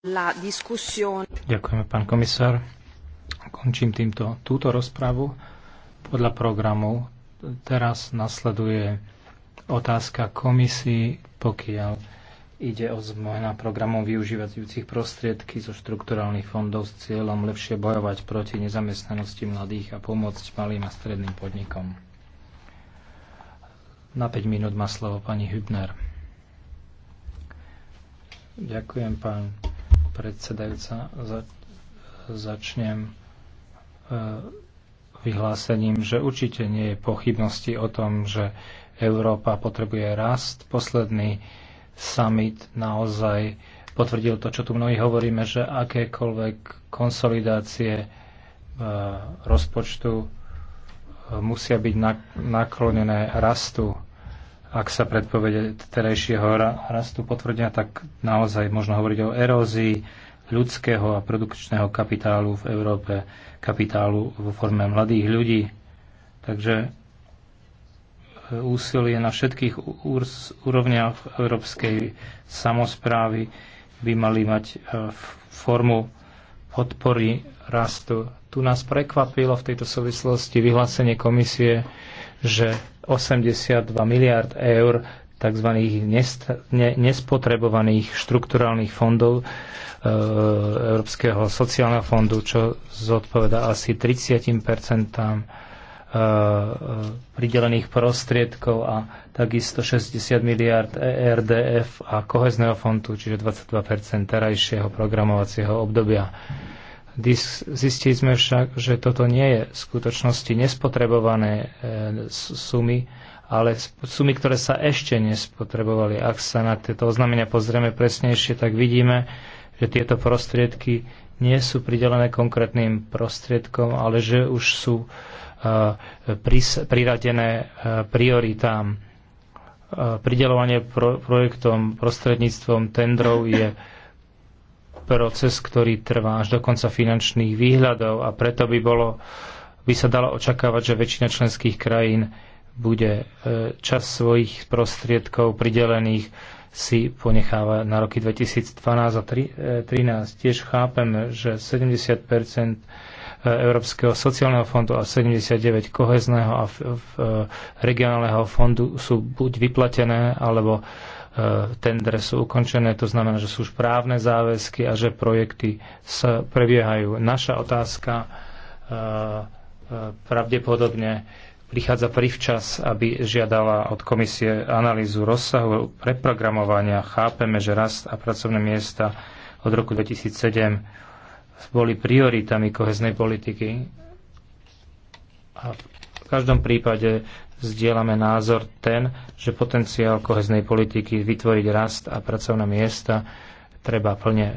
Ďakujeme, pán komisár. Končím týmto túto rozpravu podľa programu. Teraz nasleduje otázka komisii, pokiaľ ide o zmena programov využívajúcich prostriedky zo štrukturálnych fondov s cieľom lepšie bojovať proti nezamestnanosti mladých a pomôcť malým a stredným podnikom. Na 5 minút má slovo pani Hübner. Ďakujem, pán predsedajúca. Za, začnem e, vyhlásením, že určite nie je pochybnosti o tom, že Európa potrebuje rast. Posledný summit naozaj potvrdil to, čo tu mnohí hovoríme, že akékoľvek konsolidácie e, rozpočtu e, musia byť naklonené rastu ak sa predpovede terajšieho rastu potvrdia, tak naozaj možno hovoriť o erózii ľudského a produkčného kapitálu v Európe, kapitálu vo forme mladých ľudí. Takže e, úsilie na všetkých úrovniach európskej samozprávy by mali mať e, formu podpory rastu. Tu nás prekvapilo v tejto súvislosti vyhlásenie komisie že 82 miliard eur tzv. nespotrebovaných štrukturálnych fondov e, Európskeho sociálneho fondu, čo zodpoveda asi 30 e, e, pridelených prostriedkov a takisto 60 miliard ERDF a kohezného fondu, čiže 22 terajšieho programovacieho obdobia Zistili sme však, že toto nie je v skutočnosti nespotrebované e, sumy, ale sumy, ktoré sa ešte nespotrebovali. Ak sa na tieto oznámenia pozrieme presnejšie, tak vidíme, že tieto prostriedky nie sú pridelené konkrétnym prostriedkom, ale že už sú e, priradené e, prioritám. Pridelovanie projektom prostredníctvom tendrov je proces, ktorý trvá až do konca finančných výhľadov a preto by, bolo, by sa dalo očakávať, že väčšina členských krajín bude e, čas svojich prostriedkov pridelených si ponecháva na roky 2012 a 2013. E, Tiež chápem, že 70 e, Európskeho sociálneho fondu a 79 kohezného a regionálneho fondu sú buď vyplatené alebo E, tendre sú ukončené, to znamená, že sú už právne záväzky a že projekty sa prebiehajú. Naša otázka e, e, pravdepodobne prichádza privčas, aby žiadala od komisie analýzu rozsahu preprogramovania. Chápeme, že rast a pracovné miesta od roku 2007 boli prioritami koheznej politiky a v každom prípade zdieľame názor ten, že potenciál koheznej politiky vytvoriť rast a pracovné miesta treba plne e,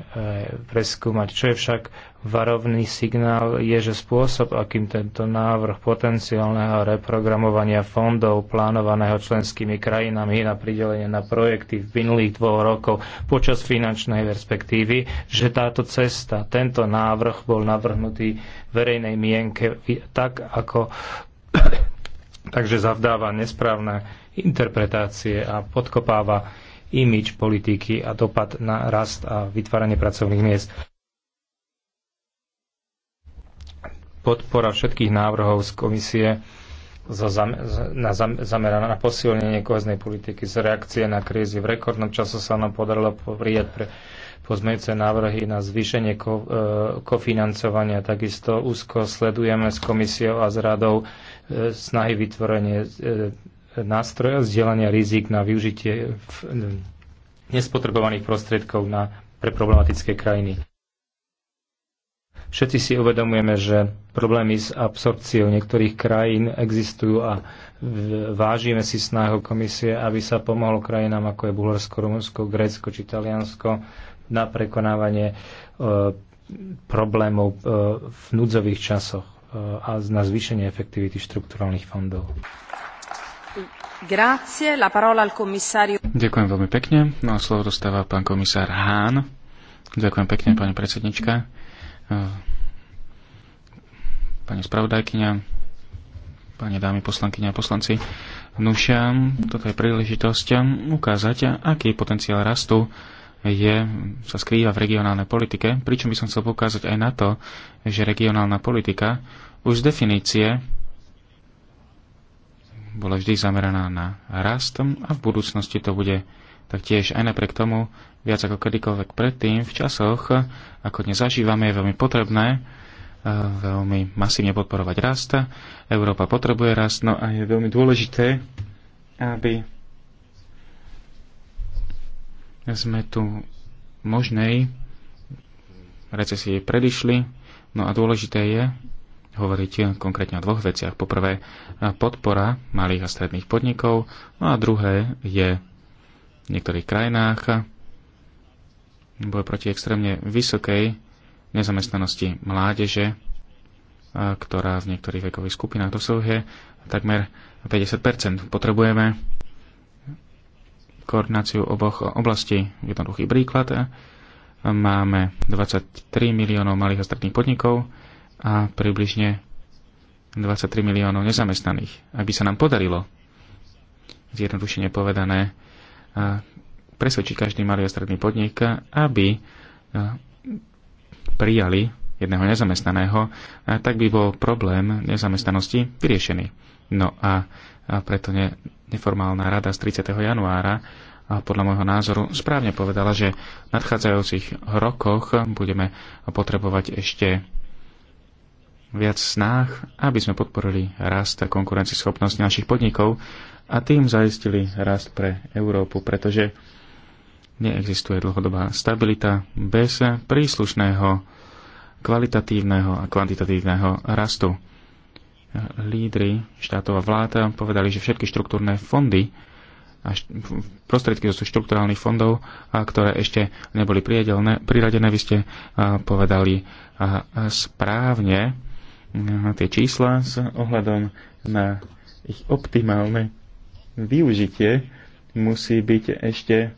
preskúmať. Čo je však varovný signál, je, že spôsob, akým tento návrh potenciálneho reprogramovania fondov plánovaného členskými krajinami na pridelenie na projekty v minulých dvoch rokov počas finančnej perspektívy, že táto cesta, tento návrh bol navrhnutý verejnej mienke tak, ako takže zavdáva nesprávne interpretácie a podkopáva imič politiky a dopad na rast a vytváranie pracovných miest. Podpora všetkých návrhov z komisie za zam, na zam, zameraná na posilnenie koheznej politiky z reakcie na krízy. V rekordnom času sa nám podarilo prijať pre pozmejúce návrhy na zvýšenie ko, e, kofinancovania. Takisto úzko sledujeme s komisiou a s radou snahy vytvorenie e, nástroja zdieľania rizik na využitie e, e, nespotrebovaných prostriedkov na, pre problematické krajiny. Všetci si uvedomujeme, že problémy s absorpciou niektorých krajín existujú a vážime si snahu komisie, aby sa pomohlo krajinám ako je Bulharsko, Rumunsko, Grécko či Taliansko na prekonávanie e, problémov e, v núdzových časoch a na zvýšenie efektivity štrukturálnych fondov. Grazie, la parola al Ďakujem veľmi pekne. No a slovo dostáva pán komisár Hán. Ďakujem pekne, pani predsednička. Pani spravodajkyňa, pani dámy poslankyňa a poslanci. Nušam toto je príležitosť ukázať, aký je potenciál rastu je, sa skrýva v regionálnej politike, pričom by som chcel poukázať aj na to, že regionálna politika už z definície bola vždy zameraná na rast a v budúcnosti to bude taktiež aj napriek tomu viac ako kedykoľvek predtým v časoch, ako dnes zažívame, je veľmi potrebné eh, veľmi masívne podporovať rast. Európa potrebuje rast, no a je veľmi dôležité, aby sme tu možnej recesie predišli, no a dôležité je hovoriť konkrétne o dvoch veciach. Poprvé, podpora malých a stredných podnikov, no a druhé je v niektorých krajinách boj proti extrémne vysokej nezamestnanosti mládeže, ktorá v niektorých vekových skupinách dosahuje takmer 50 Potrebujeme koordináciu oboch oblastí. Jednoduchý príklad. Máme 23 miliónov malých a stredných podnikov a približne 23 miliónov nezamestnaných. Ak by sa nám podarilo, zjednodušene povedané, presvedčiť každý malý a stredný podnik, aby prijali jedného nezamestnaného, tak by bol problém nezamestnanosti vyriešený. No a preto ne, Neformálna rada z 30. januára a podľa môjho názoru správne povedala, že v nadchádzajúcich rokoch budeme potrebovať ešte viac snách, aby sme podporili rast a konkurencieschopnosť našich podnikov a tým zaistili rast pre Európu, pretože neexistuje dlhodobá stabilita bez príslušného kvalitatívneho a kvantitatívneho rastu lídry štátov a vláda povedali, že všetky štruktúrne fondy a prostriedky zo štrukturálnych fondov, ktoré ešte neboli priradené, vy ste povedali správne tie čísla s ohľadom na ich optimálne využitie musí byť ešte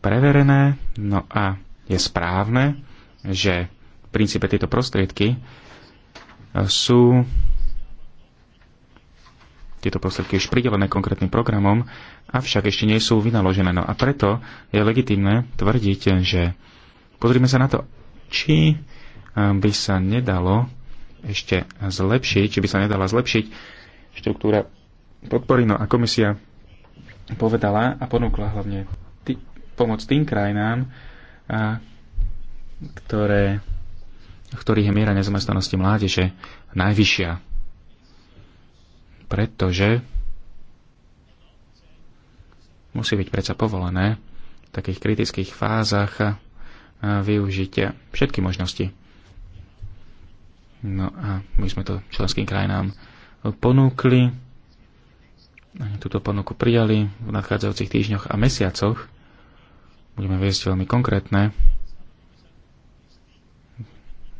preverené. No a je správne, že v princípe tieto prostriedky sú tieto prostriedky už pridelené konkrétnym programom, avšak ešte nie sú vynaložené. No a preto je legitimné tvrdiť, že pozrime sa na to, či eh, by sa nedalo ešte zlepšiť, či by sa nedala zlepšiť štruktúra podpory. No a komisia povedala a ponúkla hlavne pomoc tým krajinám, a, eh, ktoré ktorých je miera nezamestnanosti mládeže najvyššia. Pretože musí byť predsa povolené v takých kritických fázach využiť všetky možnosti. No a my sme to členským krajinám ponúkli, túto ponuku prijali v nadchádzajúcich týždňoch a mesiacoch. Budeme viesť veľmi konkrétne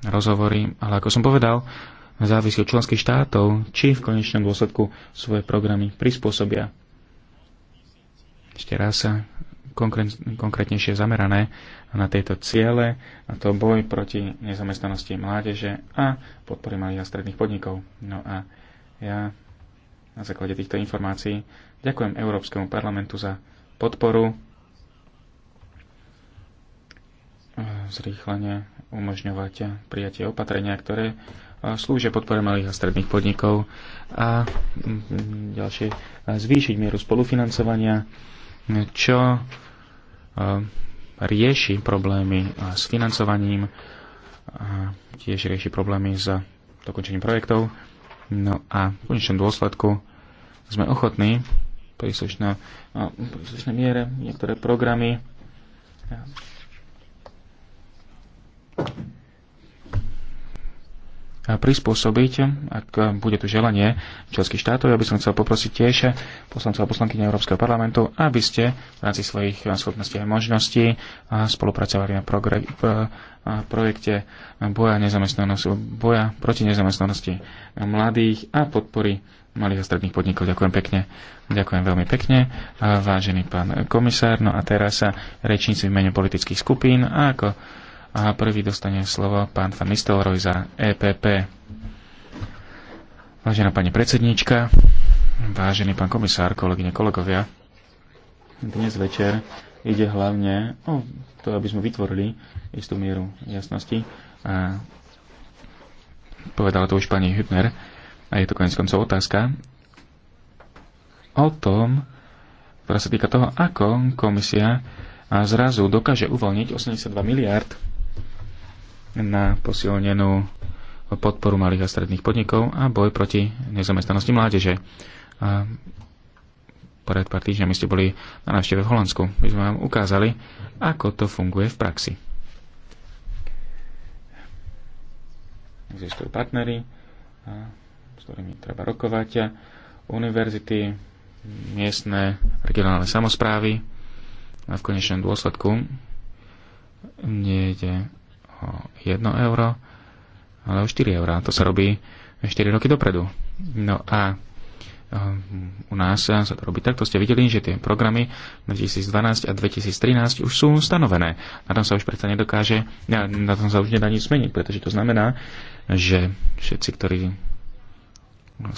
rozhovory, ale ako som povedal, závisí od členských štátov, či v konečnom dôsledku svoje programy prispôsobia. Ešte raz sa konkrétnejšie zamerané na tieto ciele, a to boj proti nezamestnanosti mládeže a podpory malých a stredných podnikov. No a ja na základe týchto informácií ďakujem Európskemu parlamentu za podporu e, zrýchlenie umožňovať prijatie opatrenia, ktoré e, slúžia podpore malých a stredných podnikov a ďalšie zvýšiť mieru spolufinancovania, čo e, rieši problémy s financovaním, a tiež rieši problémy s dokončením projektov. No a v konečnom dôsledku sme ochotní no, príslušné, miere niektoré programy prispôsobiť, ak bude tu želanie členských štátov. Ja by som chcel poprosiť tiež poslancov a poslankyne Európskeho parlamentu, aby ste v rámci svojich schopností a možností spolupracovali na projekte boja, boja proti nezamestnanosti mladých a podpory malých a stredných podnikov. Ďakujem pekne. Ďakujem veľmi pekne, vážený pán komisár. No a teraz sa rečníci v mene politických skupín a ako a prvý dostane slovo pán Van Nistelrooy za EPP. Vážená pani predsedníčka, vážený pán komisár, kolegyne, kolegovia, dnes večer ide hlavne o to, aby sme vytvorili istú mieru jasnosti. A povedala to už pani Hübner, a je to konec koncov otázka, o tom, ktorá sa týka toho, ako komisia zrazu dokáže uvoľniť 82 miliard na posilnenú podporu malých a stredných podnikov a boj proti nezamestnanosti mládeže. A pred pár týždňami ste boli na návšteve v Holandsku. My sme vám ukázali, ako to funguje v praxi. Existujú partnery, s ktorými treba rokovať, univerzity, miestne, regionálne samozprávy a v konečnom dôsledku nie ide. 1 euro, ale o 4 eurá. To sa robí 4 roky dopredu. No a ehm, u nás sa to robí tak, to ste videli, že tie programy 2012 a 2013 už sú stanovené. Na tom sa už predsa nedokáže, na tom sa už nedá nič zmeniť, pretože to znamená, že všetci, ktorí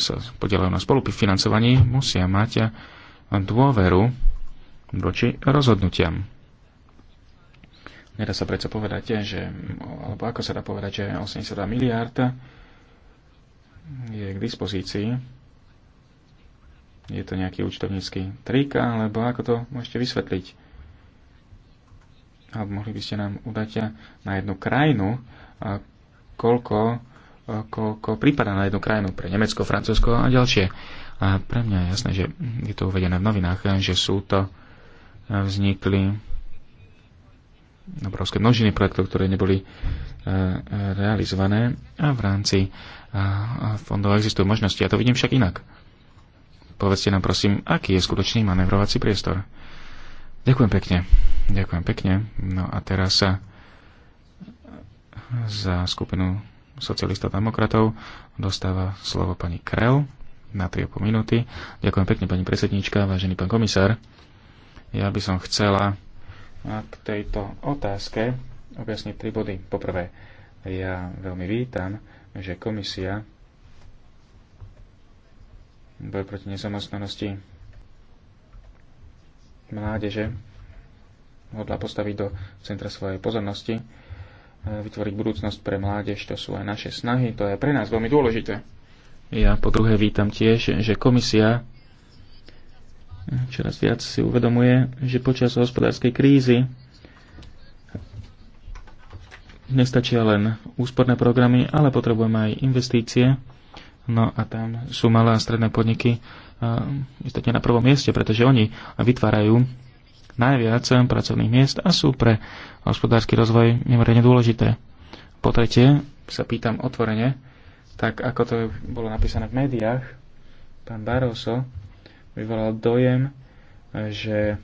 sa podielajú na financovaní, musia mať dôveru voči rozhodnutiam. Nedá sa predsa povedať, že, alebo ako sa dá povedať, že 82 miliárd je k dispozícii. Je to nejaký účtovnícky trik, alebo ako to môžete vysvetliť? Alebo mohli by ste nám udať na jednu krajinu, koľko, koľko prípada na jednu krajinu pre Nemecko, Francúzsko a ďalšie. A pre mňa je jasné, že je to uvedené v novinách, že sú to vznikli obrovské množiny projektov, ktoré neboli e, realizované a v rámci fondov existujú možnosti. Ja to vidím však inak. Povedzte nám prosím, aký je skutočný manevrovací priestor. Ďakujem pekne. Ďakujem pekne. No a teraz sa za skupinu socialistov a demokratov dostáva slovo pani Krel na 3,5 minúty. Ďakujem pekne, pani predsedníčka, vážený pán komisár. Ja by som chcela k tejto otázke objasní tri body. Poprvé, ja veľmi vítam, že komisia boj proti nezamestnanosti mládeže hodla postaviť do centra svojej pozornosti, vytvoriť budúcnosť pre mládež, to sú aj naše snahy, to je pre nás veľmi dôležité. Ja po druhé vítam tiež, že komisia čoraz viac si uvedomuje, že počas hospodárskej krízy nestačia len úsporné programy, ale potrebujeme aj investície. No a tam sú malé a stredné podniky eh, istotne na prvom mieste, pretože oni vytvárajú najviac pracovných miest a sú pre hospodársky rozvoj mimoriadne dôležité. Po tretie, sa pýtam otvorene, tak ako to bolo napísané v médiách, pán Barroso vyvolal dojem, že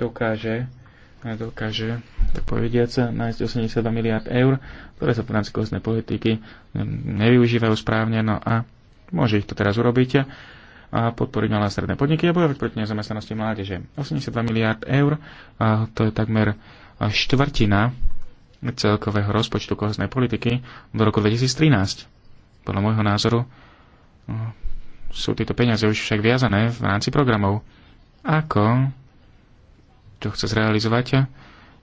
dokáže, dokáže tak povediať, nájsť 82 miliard eur, ktoré sa v rámci kostnej politiky nevyužívajú správne, no a môže ich to teraz urobiť a podporiť malé stredné podniky a bojovať proti nezamestnanosti mládeže. 82 miliard eur, a to je takmer štvrtina celkového rozpočtu koheznej politiky do roku 2013. Podľa môjho názoru no, sú tieto peniaze už však viazané v rámci programov. Ako to chce zrealizovať,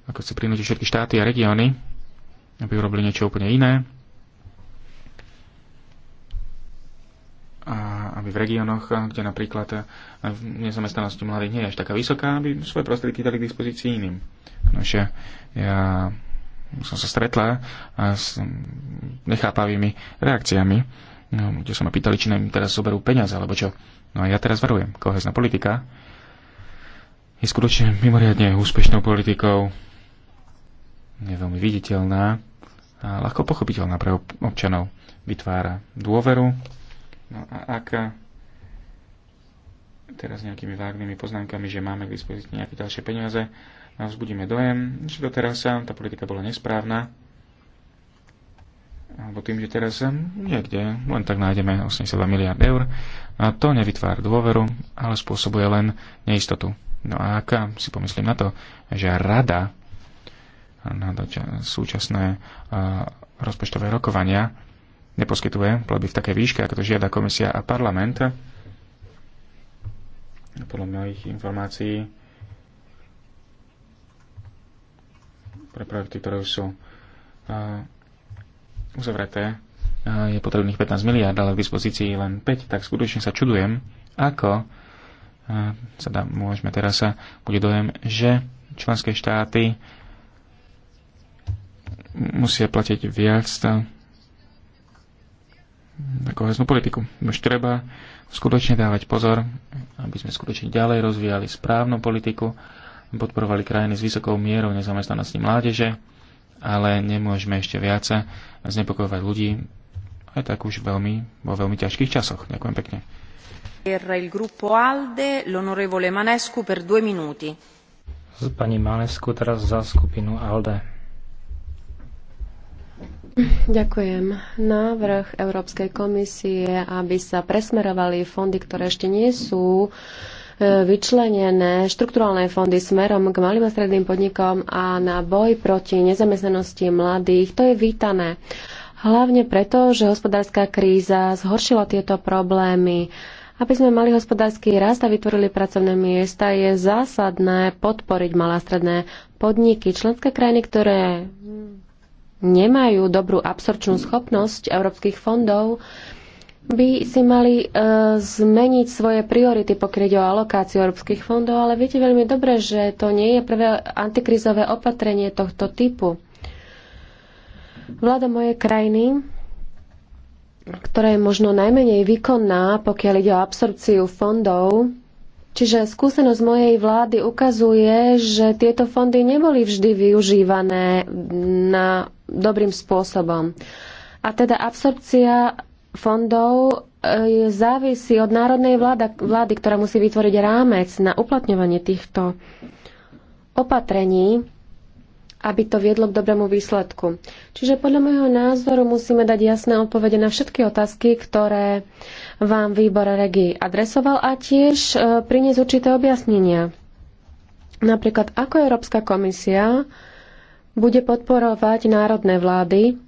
ako chce prinútiť všetky štáty a regióny, aby urobili niečo úplne iné, a aby v regiónoch, kde napríklad nezamestnanosť mladých nie je až taká vysoká, aby svoje prostriedky dali k dispozícii iným. Nože, ja som sa stretla s nechápavými reakciami, no, kde sa ma pýtali, či nám teraz zoberú peniaze, alebo čo. No a ja teraz varujem. Kohezná politika je skutočne mimoriadne úspešnou politikou, je veľmi viditeľná a ľahko pochopiteľná pre občanov. Vytvára dôveru. No a ak teraz nejakými vágnymi poznámkami, že máme k dispozícii nejaké ďalšie peniaze, vzbudíme dojem, že doteraz sa eh, tá politika bola nesprávna, alebo tým, že teraz eh, niekde len tak nájdeme 82 miliard eur, a to nevytvára dôveru, ale spôsobuje len neistotu. No a ak eh, si pomyslím na to, že rada na súčasné rozpočtové rokovania neposkytuje platby v takej výške, ako to žiada komisia a parlament, podľa mojich informácií pre projekty, ktoré už sú uzavreté, je potrebných 15 miliard, ale v dispozícii len 5, tak skutočne sa čudujem, ako sa dá, môžeme teraz sa bude dojem, že členské štáty musia platiť viac na koheznú politiku. Už treba skutočne dávať pozor, aby sme skutočne ďalej rozvíjali správnu politiku, podporovali krajiny s vysokou mierou nezamestnanosti mládeže, ale nemôžeme ešte viac znepokojovať ľudí, aj tak už veľmi, vo veľmi ťažkých časoch. Ďakujem pekne. Pani Manesku teraz za skupinu ALDE. Ďakujem. Návrh Európskej komisie, aby sa presmerovali fondy, ktoré ešte nie sú uh, E, vyčlenené štrukturálne fondy smerom k malým a stredným podnikom a na boj proti nezamestnanosti mladých. To je vítané. Hlavne preto, že hospodárska kríza zhoršila tieto problémy. Aby sme mali hospodársky rast a vytvorili pracovné miesta, je zásadné podporiť malé a stredné podniky. Členské krajiny, ktoré nemajú dobrú absorčnú schopnosť európskych fondov, by si mali e, zmeniť svoje priority, pokiaľ ide o alokáciu európskych fondov, ale viete veľmi dobre, že to nie je prvé antikrizové opatrenie tohto typu. Vláda mojej krajiny, ktorá je možno najmenej výkonná, pokiaľ ide o absorpciu fondov, čiže skúsenosť mojej vlády ukazuje, že tieto fondy neboli vždy využívané na dobrým spôsobom. A teda absorpcia fondov e, závisí od národnej vláda, vlády, ktorá musí vytvoriť rámec na uplatňovanie týchto opatrení, aby to viedlo k dobrému výsledku. Čiže podľa môjho názoru musíme dať jasné odpovede na všetky otázky, ktoré vám výbor regii adresoval a tiež e, priniesť určité objasnenia. Napríklad, ako Európska komisia bude podporovať národné vlády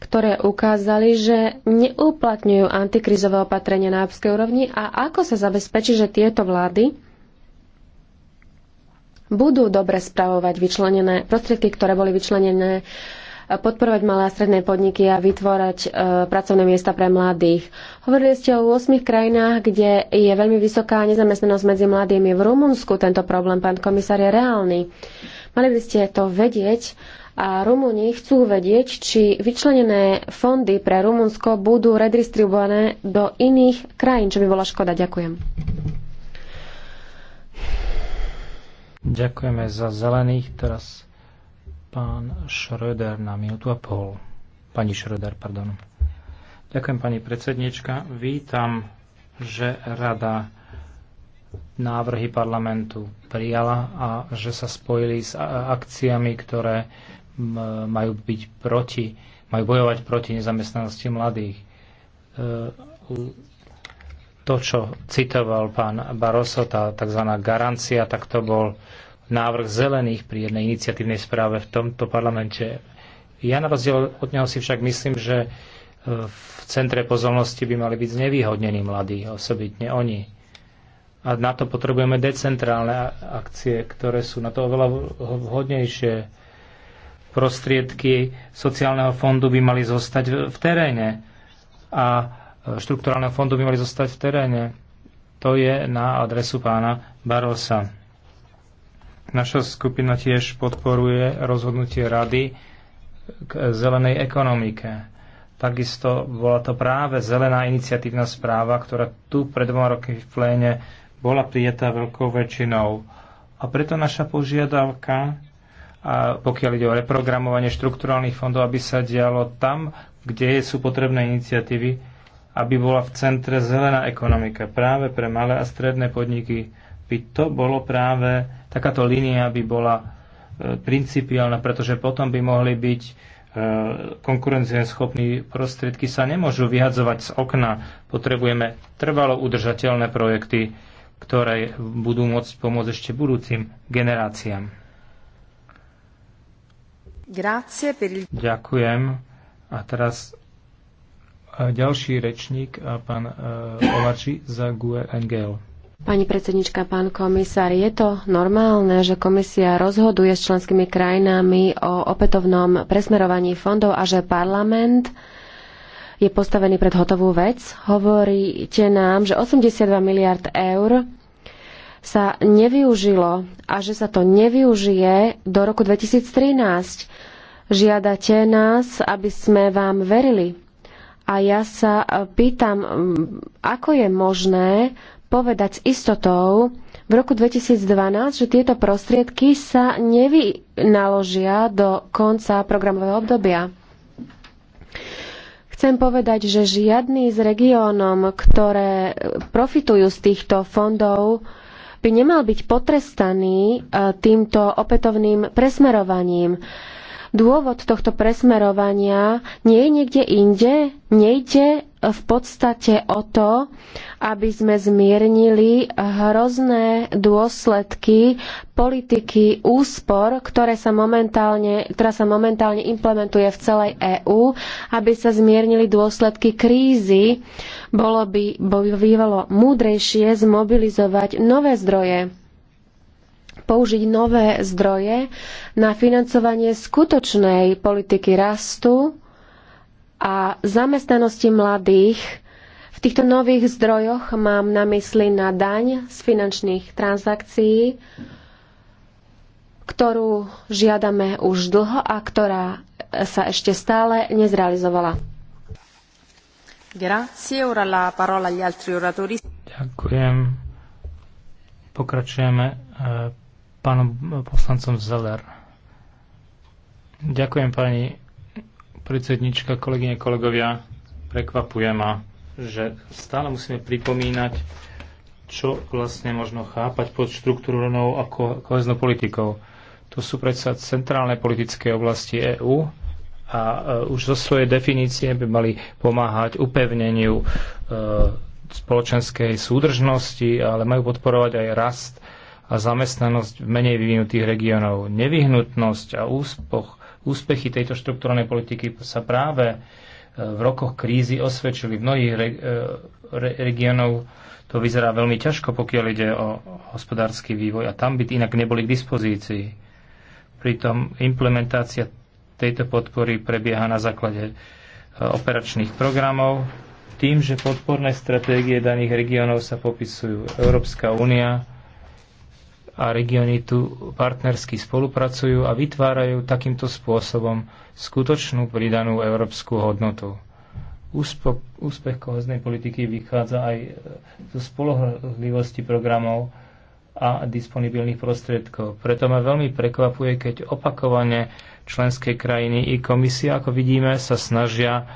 ktoré ukázali, že neuplatňujú antikrizové opatrenia na európskej úrovni a ako sa zabezpečí, že tieto vlády budú dobre spravovať vyčlenené prostriedky, ktoré boli vyčlenené e, podporovať malé a stredné podniky a vytvárať e, pracovné miesta pre mladých. Hovorili ste o 8 krajinách, kde je veľmi vysoká nezamestnanosť medzi mladými. V Rumunsku tento problém, pán komisár, je reálny. Mali by ste to vedieť a Rumúni chcú vedieť, či vyčlenené fondy pre Rumunsko budú redistribuované do iných krajín, čo by bola škoda. Ďakujem. Ďakujeme za zelených. Teraz pán Šröder na minútu a pol. Pani Šröder, pardon. Ďakujem, pani predsednička. Vítam, že rada návrhy parlamentu prijala a že sa spojili s akciami, ktoré majú byť proti, majú bojovať proti nezamestnanosti mladých. E, to, čo citoval pán Barroso, tá tzv. garancia, tak to bol návrh zelených pri jednej iniciatívnej správe v tomto parlamente. Ja na rozdiel od neho si však myslím, že e, v centre pozornosti by mali byť znevýhodnení mladí, osobitne oni. A na to potrebujeme decentrálne akcie, ktoré sú na to oveľa vhodnejšie prostriedky sociálneho fondu by mali zostať v teréne a e, štrukturálneho fondu by mali zostať v teréne. To je na adresu pána Barosa. Naša skupina tiež podporuje rozhodnutie rady k zelenej ekonomike. Takisto bola to práve zelená iniciatívna správa, ktorá tu pred dvoma roky v pléne bola prijatá veľkou väčšinou. A preto naša požiadavka a pokiaľ ide o reprogramovanie štrukturálnych fondov, aby sa dialo tam, kde sú potrebné iniciatívy, aby bola v centre zelená ekonomika. Práve pre malé a stredné podniky by to bolo práve, takáto línia by bola e, principiálna, pretože potom by mohli byť e, konkurencieschopní prostriedky sa nemôžu vyhadzovať z okna. Potrebujeme trvalo udržateľné projekty, ktoré budú môcť pomôcť ešte budúcim generáciám. Ďakujem. A teraz e, ďalší rečník, e, pán e, Ovači za GUE NGL. Pani predsednička, pán komisár, je to normálne, že komisia rozhoduje s členskými krajinami o opätovnom presmerovaní fondov a že parlament je postavený pred hotovú vec? Hovoríte nám, že 82 miliard eur sa nevyužilo a že sa to nevyužije do roku 2013. Žiadate nás, aby sme vám verili. A ja sa e, pýtam, ako je možné povedať s istotou v roku 2012, že tieto prostriedky sa nevynaložia do konca programového obdobia. Chcem povedať, že žiadny z regiónom, ktoré profitujú z týchto fondov, by nemal byť potrestaný e, týmto opätovným presmerovaním. Dôvod tohto presmerovania nie je niekde inde, nejde v podstate o to, aby sme zmiernili hrozné dôsledky politiky úspor, ktoré sa momentálne, ktorá sa momentálne implementuje v celej EÚ, aby sa zmiernili dôsledky krízy. Bolo by, by bývalo múdrejšie zmobilizovať nové zdroje použiť nové zdroje na financovanie skutočnej politiky rastu a zamestnanosti mladých. V týchto nových zdrojoch mám na mysli na daň z finančných transakcií, ktorú žiadame už dlho a ktorá sa ešte stále nezrealizovala. Ďakujem. Pokračujeme eh, pánom poslancom Zeller. Ďakujem pani predsednička, kolegyne, kolegovia. Prekvapuje ma, že stále musíme pripomínať, čo vlastne možno chápať pod štruktúrnou a koheznou politikou. To sú predsa centrálne politické oblasti EÚ a e, už zo svojej definície by mali pomáhať upevneniu e, spoločenskej súdržnosti, ale majú podporovať aj rast a zamestnanosť v menej vyvinutých regiónov. Nevyhnutnosť a úspoch, úspechy tejto štruktúrnej politiky sa práve e, v rokoch krízy osvedčili. V mnohých re, e, re, regiónov to vyzerá veľmi ťažko, pokiaľ ide o hospodársky vývoj a tam by inak neboli k dispozícii. Pritom implementácia tejto podpory prebieha na základe e, operačných programov, tým, že podporné stratégie daných regiónov sa popisujú Európska únia, a regióny tu partnersky spolupracujú a vytvárajú takýmto spôsobom skutočnú pridanú európsku hodnotu. úspech kohoznej politiky vychádza aj e, zo spolohlivosti programov a disponibilných prostriedkov. Preto ma veľmi prekvapuje, keď opakovane členské krajiny i komisia, ako vidíme, sa snažia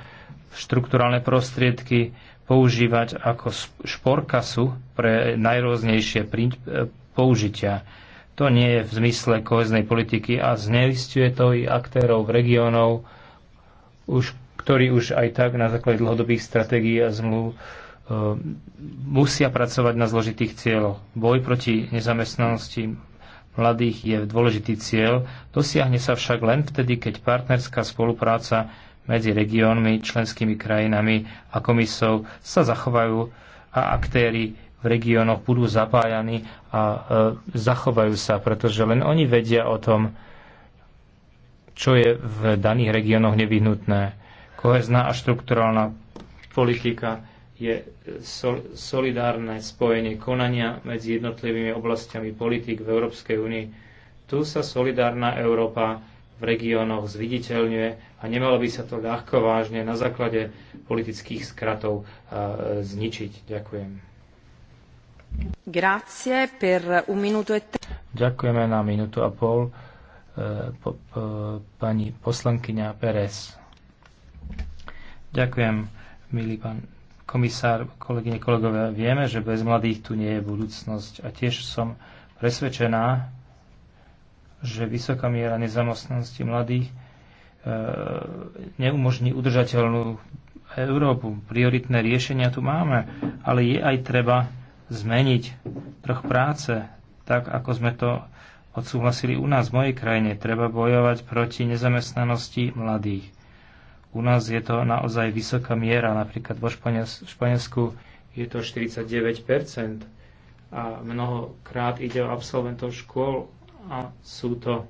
štrukturálne prostriedky používať ako šporkasu pre najrôznejšie e, použitia. To nie je v zmysle koheznej politiky a zneistuje to i aktérov regiónov, už, ktorí už aj tak na základe dlhodobých stratégií a zmluv e, musia pracovať na zložitých cieľoch. Boj proti nezamestnanosti mladých je dôležitý cieľ, dosiahne sa však len vtedy, keď partnerská spolupráca medzi regiónmi, členskými krajinami a komisou sa zachovajú a aktéry v regiónoch budú zapájani a e, zachovajú sa, pretože len oni vedia o tom, čo je v daných regiónoch nevyhnutné. Kohezná a štrukturálna politika je e, sol, solidárne spojenie konania medzi jednotlivými oblastiami politik v Európskej únii. Tu sa solidárna Európa v regiónoch zviditeľňuje a nemalo by sa to ľahko vážne na základe politických skratov e, zničiť. Ďakujem. E Ďakujeme na minútu a pol eh, pani poslankyňa Pérez. Ďakujem, milý pán komisár, kolegyne, kolegovia. Vieme, že bez mladých tu nie je budúcnosť a tiež som presvedčená, že vysoká miera nezamestnanosti mladých eh, neumožní udržateľnú Európu. Prioritné riešenia tu máme, ale je aj treba zmeniť trh práce, tak ako sme to odsúhlasili u nás v mojej krajine. Treba bojovať proti nezamestnanosti mladých. U nás je to naozaj vysoká miera, napríklad vo Španielsku je to 49 a mnohokrát ide o absolventov škôl a sú to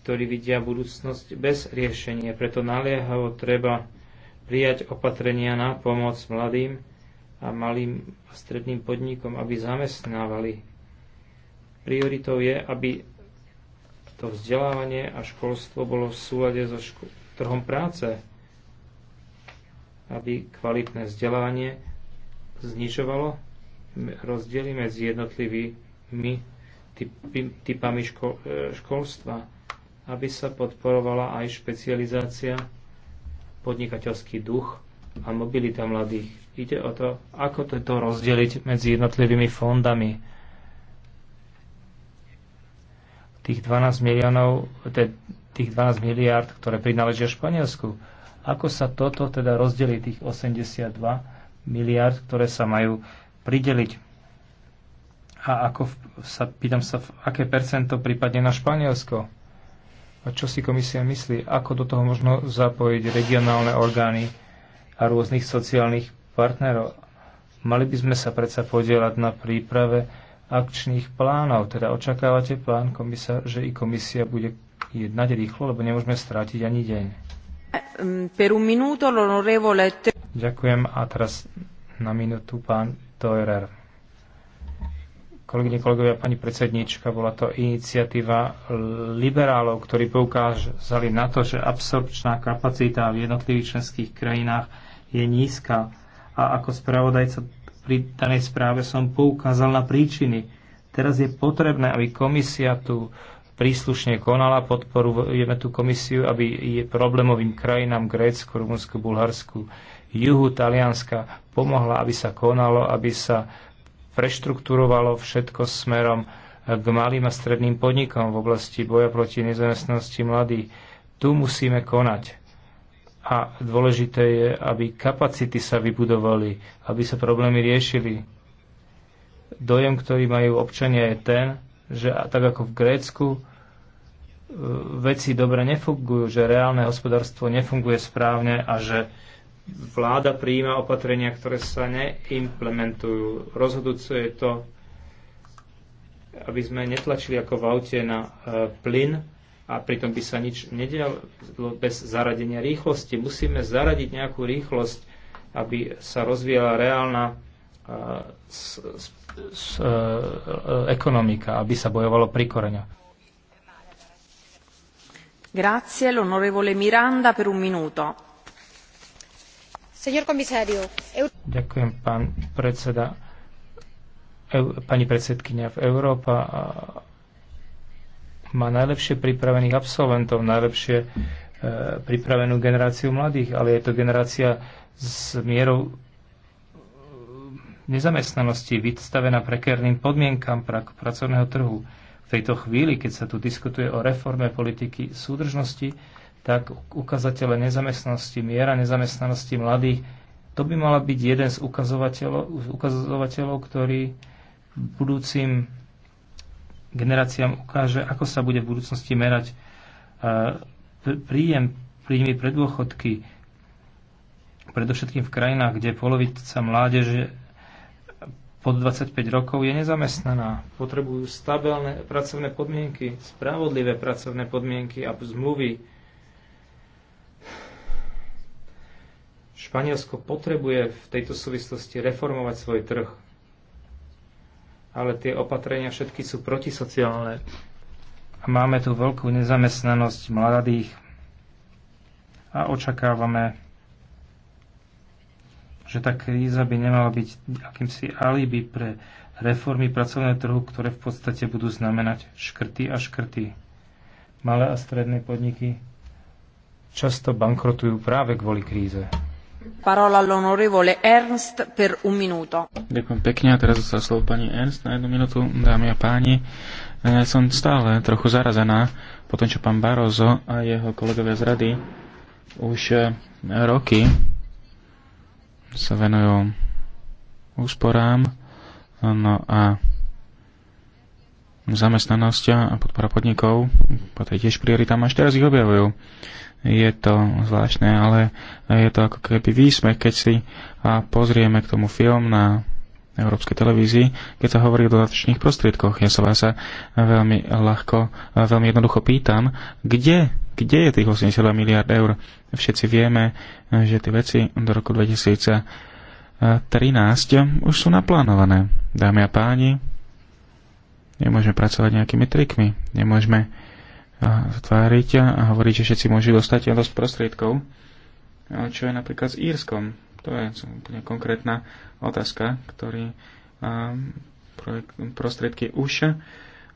ktorí vidia budúcnosť bez riešenia. Preto naliehavo treba prijať opatrenia na pomoc mladým, a malým a stredným podnikom, aby zamestnávali. Prioritou je, aby to vzdelávanie a školstvo bolo v súlade so ško- trhom práce, aby kvalitné vzdelávanie znižovalo rozdiely medzi jednotlivými typy, typami ško- e, školstva, aby sa podporovala aj špecializácia, podnikateľský duch a mobilita mladých. Ide o to, ako to, to rozdeliť medzi jednotlivými fondami. Tých 12 miliónov, tých 12 miliárd, ktoré prináležia Španielsku. Ako sa toto teda rozdelí tých 82 miliárd, ktoré sa majú prideliť? A ako sa, pýtam sa, aké percento prípadne na Španielsko? A čo si komisia myslí? Ako do toho možno zapojiť regionálne orgány? a rôznych sociálnych partnerov. Mali by sme sa predsa podielať na príprave akčných plánov. Teda očakávate, pán komisár, že i komisia bude jednať rýchlo, lebo nemôžeme strátiť ani deň. Per un minuto, Ďakujem a teraz na minútu pán Teurer. Kolegyne, kolegovia, pani predsedníčka, bola to iniciatíva liberálov, ktorí poukázali na to, že absorpčná kapacita v jednotlivých členských krajinách je nízka. A ako spravodajca pri danej správe som poukázal na príčiny. Teraz je potrebné, aby komisia tu príslušne konala podporu. Vieme tú komisiu, aby je problémovým krajinám Grécku, Rumunsku, Bulharsku, juhu Talianska pomohla, aby sa konalo, aby sa preštrukturovalo všetko smerom eh, k malým a stredným podnikom v oblasti boja proti nezamestnosti mladých. Tu musíme konať a dôležité je, aby kapacity sa vybudovali, aby sa problémy riešili. Dojem, ktorý majú občania, je ten, že tak ako v Grécku e, veci dobre nefungujú, že reálne hospodárstvo nefunguje správne a že vláda prijíma opatrenia, ktoré sa neimplementujú. Rozhodujúce je to, aby sme netlačili ako v aute na e, plyn, a pritom by sa nič nedialo bez zaradenia rýchlosti. Musíme zaradiť nejakú rýchlosť, aby sa rozvíjala reálna e, s, s, s, e, ekonomika, aby sa bojovalo pri koreňa. Grazie, l'onorevole Miranda per un minuto. Signor commissario, eu... Ďakujem, pán predseda. Eu, pani predsedkynia, v Európa má najlepšie pripravených absolventov, najlepšie e, pripravenú generáciu mladých, ale je to generácia s mierou e, nezamestnanosti, vystavená prekerným podmienkam pra, pracovného trhu. V tejto chvíli, keď sa tu diskutuje o reforme politiky súdržnosti, tak ukazatele nezamestnanosti, miera nezamestnanosti mladých, to by mala byť jeden z ukazovateľov, ukazovateľov ktorý budúcim generáciám ukáže, ako sa bude v budúcnosti merať e, príjem, príjmy pre dôchodky, predovšetkým v krajinách, kde polovica mládeže pod 25 rokov je nezamestnaná. Potrebujú stabilné pracovné podmienky, spravodlivé pracovné podmienky a zmluvy. Španielsko potrebuje v tejto súvislosti reformovať svoj trh ale tie opatrenia všetky sú protisociálne. A máme tu veľkú nezamestnanosť mladých a očakávame, že tá kríza by nemala byť akýmsi alibi pre reformy pracovného trhu, ktoré v podstate budú znamenať škrty a škrty. Malé a stredné podniky často bankrotujú práve kvôli kríze. Ďakujem pekne a teraz sa slovo pani Ernst na jednu minútu, dámy a páni. Ja e, som stále trochu zarazená po tom, čo pán Barozo a jeho kolegovia z rady už e, roky sa venujú úsporám no a zamestnanosti a podpora podnikov patrí tiež prioritám, až teraz ich objavujú je to zvláštne, ale je to ako keby výsmech, keď si pozrieme k tomu film na európskej televízii, keď sa hovorí o dodatočných prostriedkoch. Ja sa vás veľmi ľahko, veľmi jednoducho pýtam, kde, kde je tých 82 miliard eur? Všetci vieme, že tie veci do roku 2013 e, už sú naplánované. Dámy a páni, nemôžeme pracovať nejakými trikmi, nemôžeme tváriť a hovoriť, že všetci môžu dostať dosť prostriedkov, čo je napríklad s Írskom. To je úplne konkrétna otázka, ktorý prostriedky už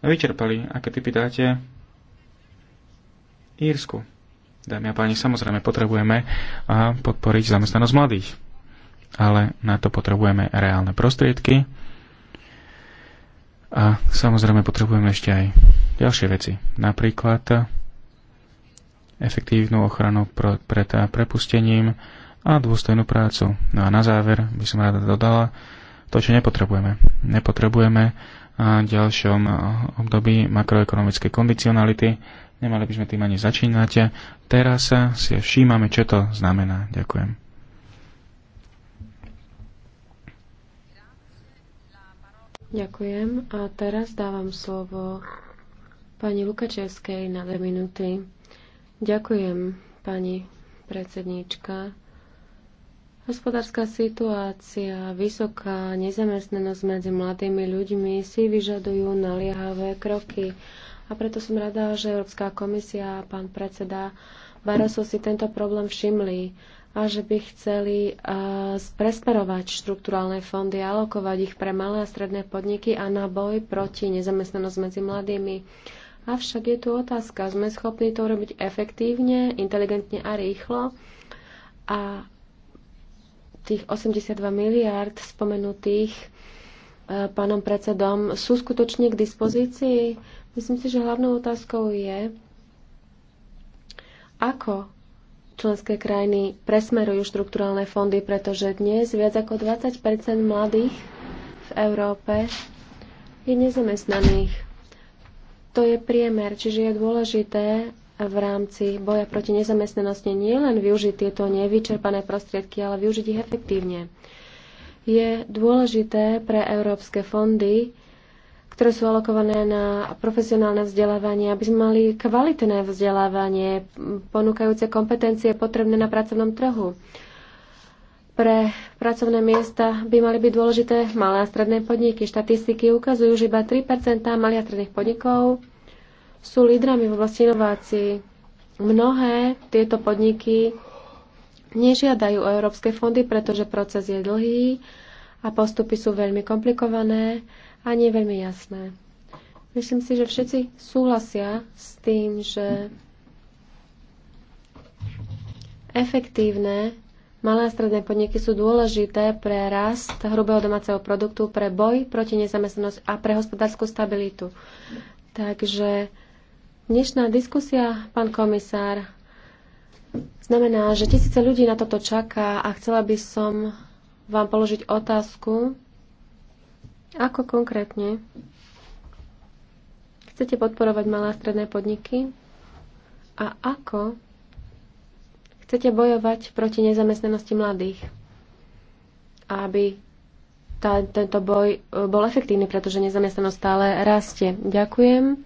vyčerpali. Aké typy dáte Írsku? Dámy a páni, samozrejme potrebujeme podporiť zamestnanosť mladých, ale na to potrebujeme reálne prostriedky, a samozrejme potrebujeme ešte aj ďalšie veci. Napríklad efektívnu ochranu pred prepustením a dôstojnú prácu. No a na záver by som rada dodala to, čo nepotrebujeme. Nepotrebujeme a v ďalšom období makroekonomickej kondicionality. Nemali by sme tým ani začínať. Teraz si všímame, čo to znamená. Ďakujem. Ďakujem. A teraz dávam slovo pani Lukačevskej na dve minúty. Ďakujem, pani predsedníčka. Hospodárska situácia, vysoká nezamestnanosť medzi mladými ľuďmi si vyžadujú naliehavé kroky. A preto som rada, že Európska komisia a pán predseda Barroso si tento problém všimli a že by chceli eh, presperovať štrukturálne fondy, alokovať ich pre malé a stredné podniky a na boj proti nezamestnanosť medzi mladými. Avšak je tu otázka, sme schopní to robiť efektívne, inteligentne a rýchlo a tých 82 miliárd spomenutých eh, pánom predsedom sú skutočne k dispozícii? Myslím si, že hlavnou otázkou je, ako členské krajiny presmerujú štrukturálne fondy, pretože dnes viac ako 20 mladých v Európe je nezamestnaných. To je priemer, čiže je dôležité v rámci boja proti nezamestnanosti nielen využiť tieto nevyčerpané prostriedky, ale využiť ich efektívne. Je dôležité pre európske fondy ktoré sú alokované na profesionálne vzdelávanie, aby sme mali kvalitné vzdelávanie, ponúkajúce kompetencie potrebné na pracovnom trhu. Pre pracovné miesta by mali byť dôležité malé a stredné podniky. Štatistiky ukazujú, že iba 3 malých a stredných podnikov sú lídrami v oblasti inovácií. Mnohé tieto podniky nežiadajú o európske fondy, pretože proces je dlhý a postupy sú veľmi komplikované a nie veľmi jasné. Myslím si, že všetci súhlasia s tým, že efektívne malé a stredné podniky sú dôležité pre rast hrubého domáceho produktu, pre boj proti nezamestnanosti a pre hospodárskú stabilitu. Takže dnešná diskusia, pán komisár, znamená, že tisíce ľudí na toto čaká a chcela by som vám položiť otázku, ako konkrétne chcete podporovať malé a stredné podniky? A ako chcete bojovať proti nezamestnanosti mladých? Aby tá, tento boj e, bol efektívny, pretože nezamestnanosť stále rastie. Ďakujem.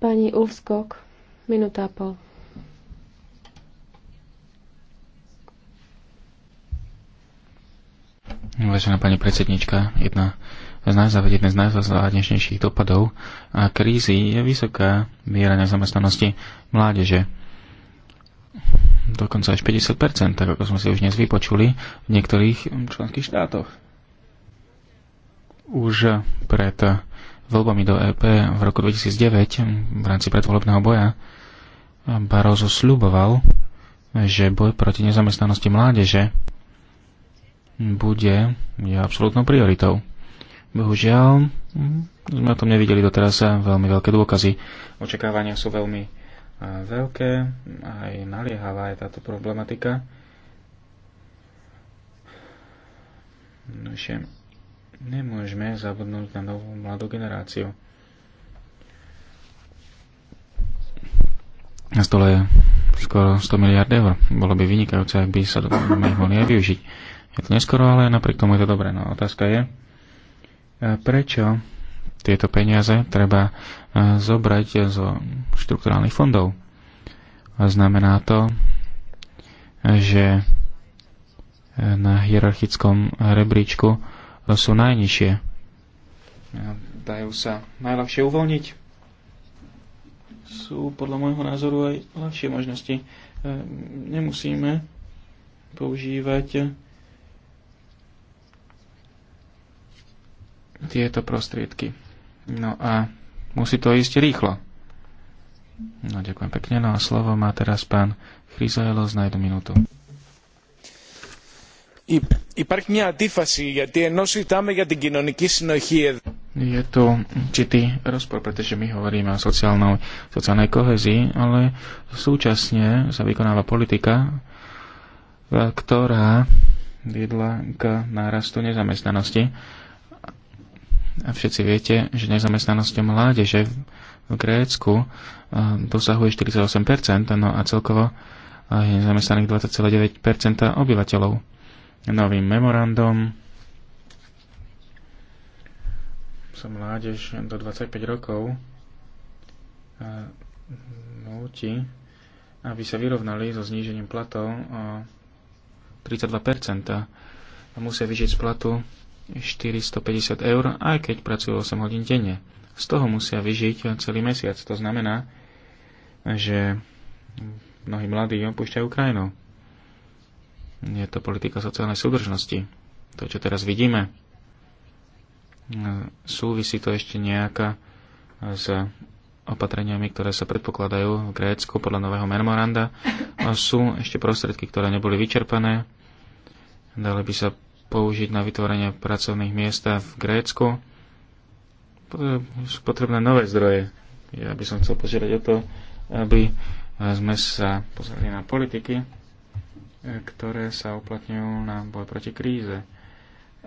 Pani Ulfskok, minúta a pol. Vážená pani predsednička, jedna z najzávod, jedna z najzávodnejších dopadov a krízy je vysoká miera nezamestnanosti mládeže. Dokonca až 50%, tak ako sme si už dnes vypočuli v niektorých členských štátoch. Už pred voľbami do EP v roku 2009 v rámci predvolebného boja Barroso sľuboval, že boj proti nezamestnanosti mládeže bude je absolútnou prioritou. Bohužiaľ, sme o tom nevideli doteraz veľmi veľké dôkazy. Očakávania sú veľmi e, veľké, aj naliehavá je táto problematika. Nože, nemôžeme zabudnúť na novú mladú generáciu. Na stole je skoro 100 miliard eur. Bolo by vynikajúce, ak by sa mohli aj využiť. Je to neskoro, ale napriek tomu je to dobré. No otázka je, prečo tieto peniaze treba zobrať zo štrukturálnych fondov. Znamená to, že na hierarchickom rebríčku sú najnižšie. Dajú sa najľahšie uvoľniť. Sú podľa môjho názoru aj ľahšie možnosti. Nemusíme používať tieto prostriedky. No a musí to ísť rýchlo. No ďakujem pekne. No a slovo má teraz pán Chryzaelos na jednu minútu. Υπάρχει μια αντίφαση γιατί ενώ συζητάμε για την κοινωνική συνοχή je tu určitý rozpor, pretože my hovoríme o sociálnej, sociálnej kohezii, ale súčasne sa vykonáva politika, ktorá viedla k nárastu nezamestnanosti a všetci viete, že nezamestnanosť mládeže v Grécku dosahuje 48%, no a celkovo je nezamestnaných 20,9% obyvateľov. Novým memorandom som mládež do 25 rokov nutí, aby sa vyrovnali so znížením platov o 32%. A musia vyžiť z platu 450 eur, aj keď pracujú 8 hodín denne. Z toho musia vyžiť celý mesiac. To znamená, že mnohí mladí opúšťajú krajinu. Je to politika sociálnej súdržnosti. To, čo teraz vidíme, súvisí to ešte nejaká s opatreniami, ktoré sa predpokladajú v Grécku podľa nového memoranda. Sú ešte prostriedky, ktoré neboli vyčerpané. Dali by sa použiť na vytvorenie pracovných miest v Grécku. Sú potrebné nové zdroje. Ja by som chcel požiadať o to, aby sme sa pozreli na politiky, e, ktoré sa uplatňujú na boj proti kríze.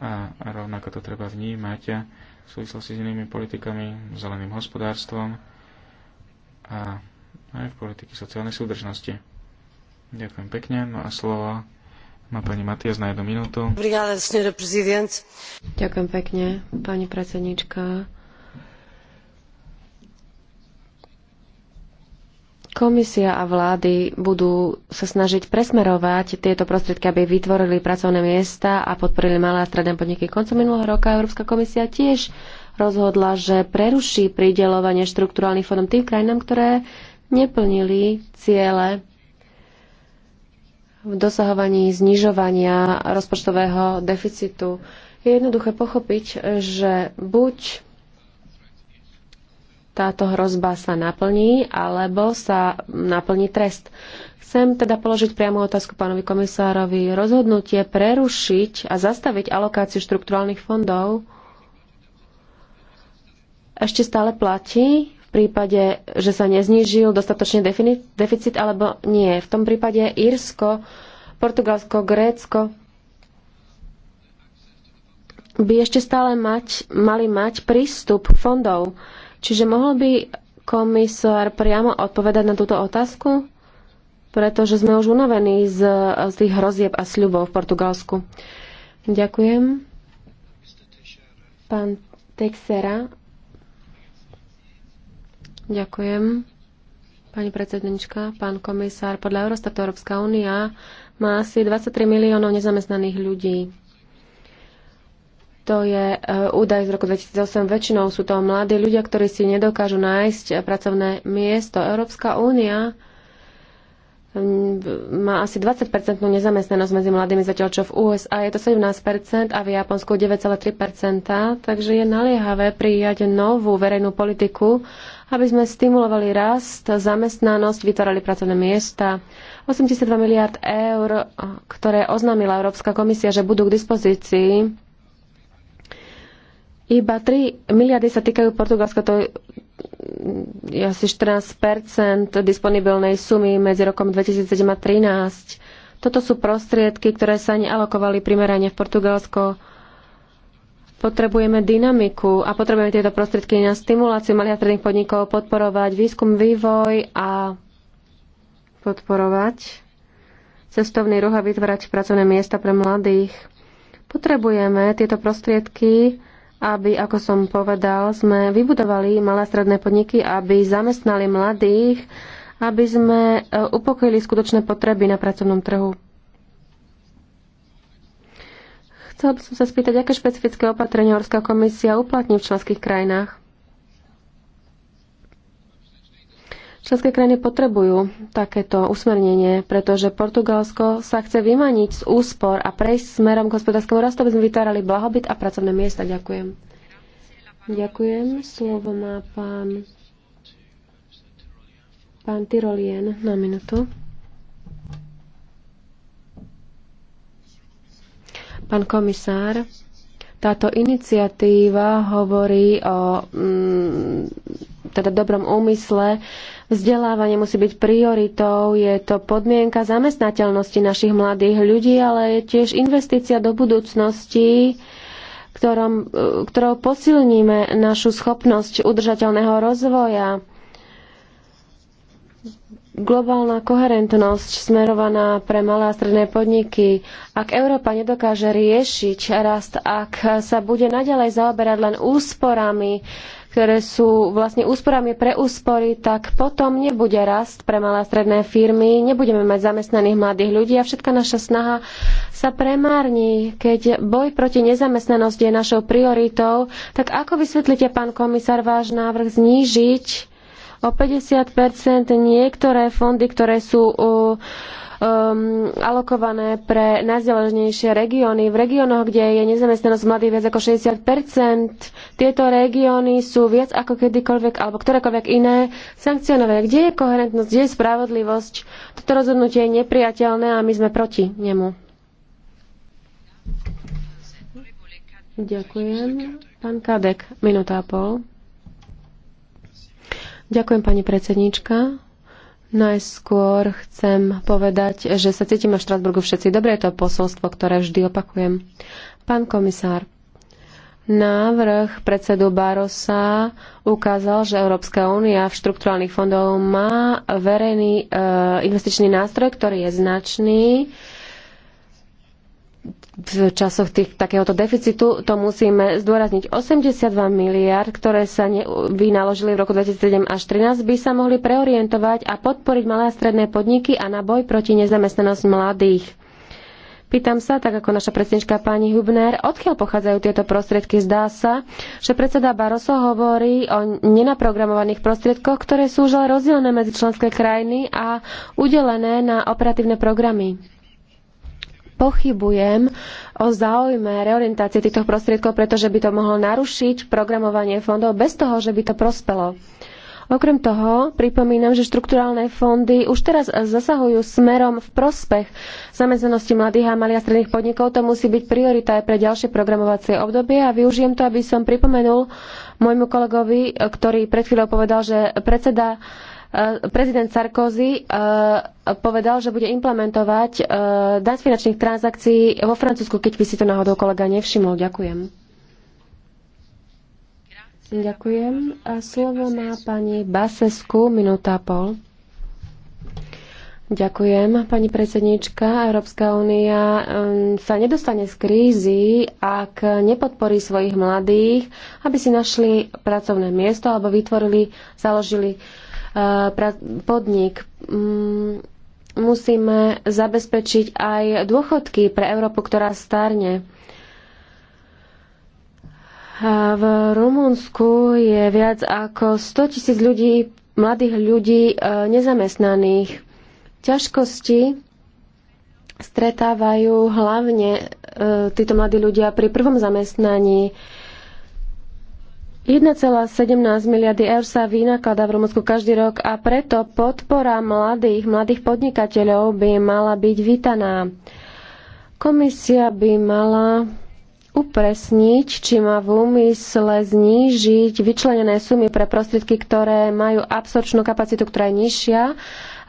A rovnako to treba vnímať v súvislosti s inými politikami, zeleným hospodárstvom a aj v politiky sociálnej súdržnosti. Ďakujem pekne. No a slovo má pani Matias na jednu minútu. Ďakujem pekne, pani predsednička. Komisia a vlády budú sa snažiť presmerovať tieto prostriedky, aby vytvorili pracovné miesta a podporili malé a stredné podniky. Koncom minulého roka Európska komisia tiež rozhodla, že preruší pridelovanie štrukturálnych fondov tým krajinám, ktoré neplnili ciele v dosahovaní znižovania rozpočtového deficitu. Je jednoduché pochopiť, že buď táto hrozba sa naplní, alebo sa naplní trest. Chcem teda položiť priamu otázku pánovi komisárovi. Rozhodnutie prerušiť a zastaviť alokáciu štrukturálnych fondov ešte stále platí prípade, že sa neznížil dostatočne deficit alebo nie. V tom prípade Írsko, Portugalsko, Grécko by ešte stále mať, mali mať prístup fondov. Čiže mohol by komisár priamo odpovedať na túto otázku? Pretože sme už unavení z, z tých hrozieb a sľubov v Portugalsku. Ďakujem. Pán Texera Ďakujem. Pani predsednička, pán komisár, podľa Eurostatu Európska únia má asi 23 miliónov nezamestnaných ľudí. To je e, údaj z roku 2008. Väčšinou sú to mladí ľudia, ktorí si nedokážu nájsť e, pracovné miesto. Európska únia má asi 20-percentnú nezamestnanosť medzi mladými, zatiaľ čo v USA je to 17% a v Japonsku 9,3%, takže je naliehavé prijať novú verejnú politiku aby sme stimulovali rast, zamestnanosť, vytvárali pracovné miesta. 82 miliard eur, ktoré oznámila Európska komisia, že budú k dispozícii, iba 3 miliardy sa týkajú Portugalska, to je asi 14 disponibilnej sumy medzi rokom 2007 a 2013. Toto sú prostriedky, ktoré sa nealokovali primerane v Portugalsko Potrebujeme dynamiku a potrebujeme tieto prostriedky na stimuláciu malých a stredných podnikov, podporovať výskum, vývoj a podporovať cestovný ruch a vytvárať pracovné miesta pre mladých. Potrebujeme tieto prostriedky, aby, ako som povedal, sme vybudovali malé a stredné podniky, aby zamestnali mladých, aby sme e, upokojili skutočné potreby na pracovnom trhu. Chcela by som sa spýtať, aké špecifické opatrenia Európska komisia uplatní v členských krajinách? Členské krajiny potrebujú takéto usmernenie, pretože Portugalsko sa chce vymaniť z úspor a prejsť smerom k hospodárskému rastu, aby sme vytvárali blahobyt a pracovné miesta. Ďakujem. Ďakujem. Slovo má pán, pán Tyrolien na minútu. Pán komisár, táto iniciatíva hovorí o mm, teda dobrom úmysle. Vzdelávanie musí byť prioritou, je to podmienka zamestnateľnosti našich mladých ľudí, ale je tiež investícia do budúcnosti, ktorom, ktorou posilníme našu schopnosť udržateľného rozvoja globálna koherentnosť smerovaná pre malé a stredné podniky. Ak Európa nedokáže riešiť rast, ak sa bude naďalej zaoberať len úsporami, ktoré sú vlastne úsporami pre úspory, tak potom nebude rast pre malé a stredné firmy, nebudeme mať zamestnaných mladých ľudí a všetka naša snaha sa premárni. Keď boj proti nezamestnanosti je našou prioritou, tak ako vysvetlíte, pán komisár, váš návrh znížiť o 50 niektoré fondy, ktoré sú uh, um, alokované pre najzdeleženejšie regióny. V regiónoch, kde je nezamestnanosť mladých viac ako 60 tieto regióny sú viac ako kedykoľvek alebo ktorékoľvek iné sankcionované. Kde je koherentnosť, kde je spravodlivosť? Toto rozhodnutie je nepriateľné a my sme proti nemu. Ďakujem. Pán Kadek, minúta a pol. Ďakujem, pani predsedníčka. Najskôr chcem povedať, že sa cítime v Štrasburgu všetci dobre. Je to posolstvo, ktoré vždy opakujem. Pán komisár, návrh predsedu Barosa ukázal, že Európska únia v štrukturálnych fondov má verejný e, investičný nástroj, ktorý je značný. E, v časoch tých, takéhoto deficitu, to musíme zdôrazniť. 82 miliard, ktoré sa ne, vynaložili v roku 2007 až 2013, by sa mohli preorientovať a podporiť malé a stredné podniky a na boj proti nezamestnanosť mladých. Pýtam sa, tak ako naša predsednička pani Hubner, odkiaľ pochádzajú tieto prostriedky? Zdá sa, že predseda Barroso hovorí o nenaprogramovaných prostriedkoch, ktoré sú už rozdelené medzi členské krajiny a udelené na operatívne programy pochybujem o záujme reorientácie týchto prostriedkov, pretože by to mohlo narušiť programovanie fondov bez toho, že by to prospelo. Okrem toho pripomínam, že štrukturálne fondy už teraz zasahujú smerom v prospech zamestnanosti mladých a malých a stredných podnikov. To musí byť priorita aj pre ďalšie programovacie obdobie a využijem to, aby som pripomenul môjmu kolegovi, ktorý pred chvíľou povedal, že predseda Eh, prezident Sarkozy eh, povedal, že bude implementovať eh, daň z finančných transakcií vo Francúzsku, keď by si to náhodou kolega nevšimol. Ďakujem. Ďakujem. A slovo má pani Basesku, minúta a pol. Ďakujem, pani predsednička. Európska únia ehm, sa nedostane z krízy, ak nepodporí svojich mladých, aby si našli pracovné miesto alebo vytvorili, založili uh, Eh, podnik. Mm, musíme zabezpečiť aj dôchodky pre Európu, ktorá starne. V Rumunsku je viac ako 100 tisíc ľudí, mladých ľudí eh, nezamestnaných. Ťažkosti stretávajú hlavne eh, títo mladí ľudia pri prvom zamestnaní 1,17 miliardy eur sa vynakladá v Rumunsku každý rok a preto podpora mladých, mladých podnikateľov by mala byť vítaná. Komisia by mala upresniť, či má v úmysle znížiť vyčlenené sumy pre prostriedky, ktoré majú absorčnú kapacitu, ktorá je nižšia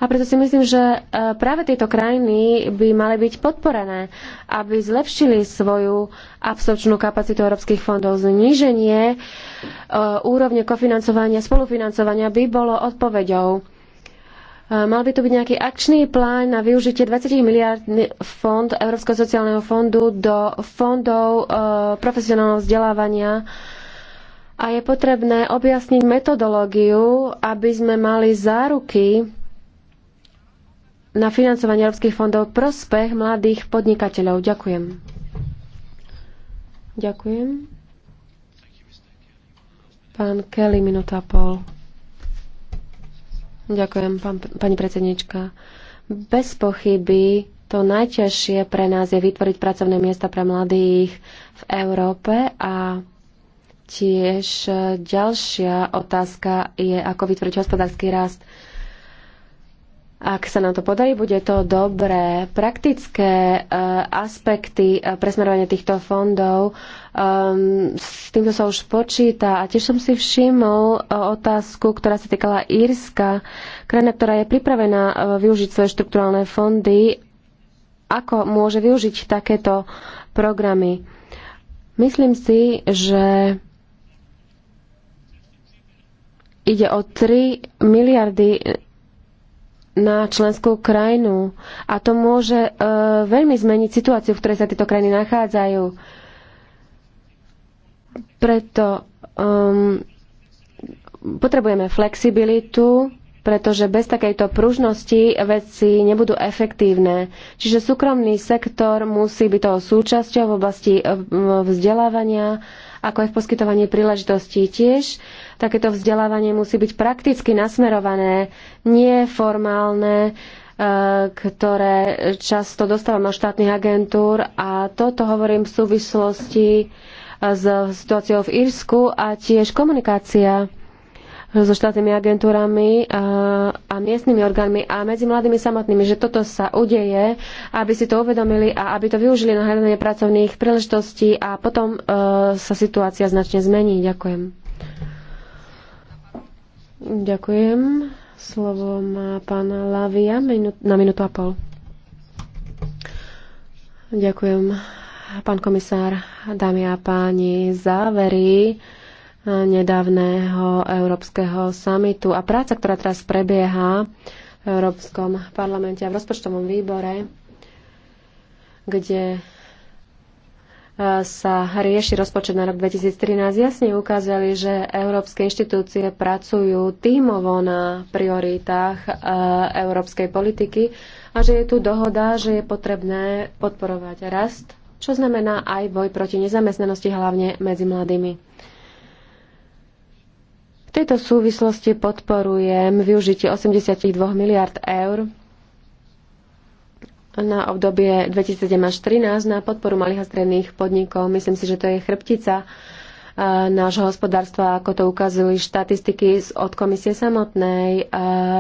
a preto si myslím, že e, práve tieto krajiny by mali byť podporené, aby zlepšili svoju absorpčnú kapacitu európskych fondov. Zníženie e, úrovne kofinancovania, spolufinancovania by bolo odpoveďou. E, mal by to byť nejaký akčný plán na využitie 20 miliard fond Európskeho sociálneho fondu do fondov profesionálneho vzdelávania a je potrebné objasniť metodológiu, aby sme mali záruky na financovanie európskych fondov prospech mladých podnikateľov. Ďakujem. Ďakujem. Pán Kelly, minúta a pol. Ďakujem, pán, pani predsednička. Bez pochyby to najťažšie pre nás je vytvoriť pracovné miesta pre mladých v Európe a tiež ďalšia otázka je, ako vytvoriť hospodársky rast. Ak sa nám to podarí, bude to dobré. Praktické e, aspekty e, presmerovania týchto fondov, e, s týmto sa už počíta. A tiež som si všimol otázku, ktorá sa týkala Írska, krajina, ktorá je pripravená využiť svoje štrukturálne fondy. Ako môže využiť takéto programy? Myslím si, že ide o 3 miliardy na členskú krajinu. A to môže e, veľmi zmeniť situáciu, v ktorej sa tieto krajiny nachádzajú. Preto um, potrebujeme flexibilitu, pretože bez takejto pružnosti veci nebudú efektívne. Čiže súkromný sektor musí byť toho súčasťou v oblasti e, vzdelávania ako aj v poskytovaní príležitostí. Tiež takéto vzdelávanie musí byť prakticky nasmerované, nie formálne, e, ktoré často dostávam od štátnych agentúr a toto hovorím v súvislosti e, s situáciou v Írsku a tiež komunikácia so štátnymi agentúrami a, a miestnymi orgánmi a medzi mladými samotnými, že toto sa udeje, aby si to uvedomili a aby to využili na hľadanie pracovných príležitostí a potom e, sa situácia značne zmení. Ďakujem. Ďakujem. Slovo má pán Lavia na minútu a pol. Ďakujem, pán komisár, dámy a páni, závery nedávneho Európskeho samitu a práca, ktorá teraz prebieha v Európskom parlamente a v rozpočtovom výbore, kde e, sa rieši rozpočet na rok 2013, jasne ukázali, že európske inštitúcie pracujú tímovo na prioritách e, európskej politiky a že je tu dohoda, že je potrebné podporovať rast, čo znamená aj boj proti nezamestnanosti, hlavne medzi mladými. V tejto súvislosti podporujem využitie 82 miliard eur na obdobie 2007 až 2013 na podporu malých a stredných podnikov. Myslím si, že to je chrbtica nášho hospodárstva, ako to ukazujú štatistiky od komisie samotnej.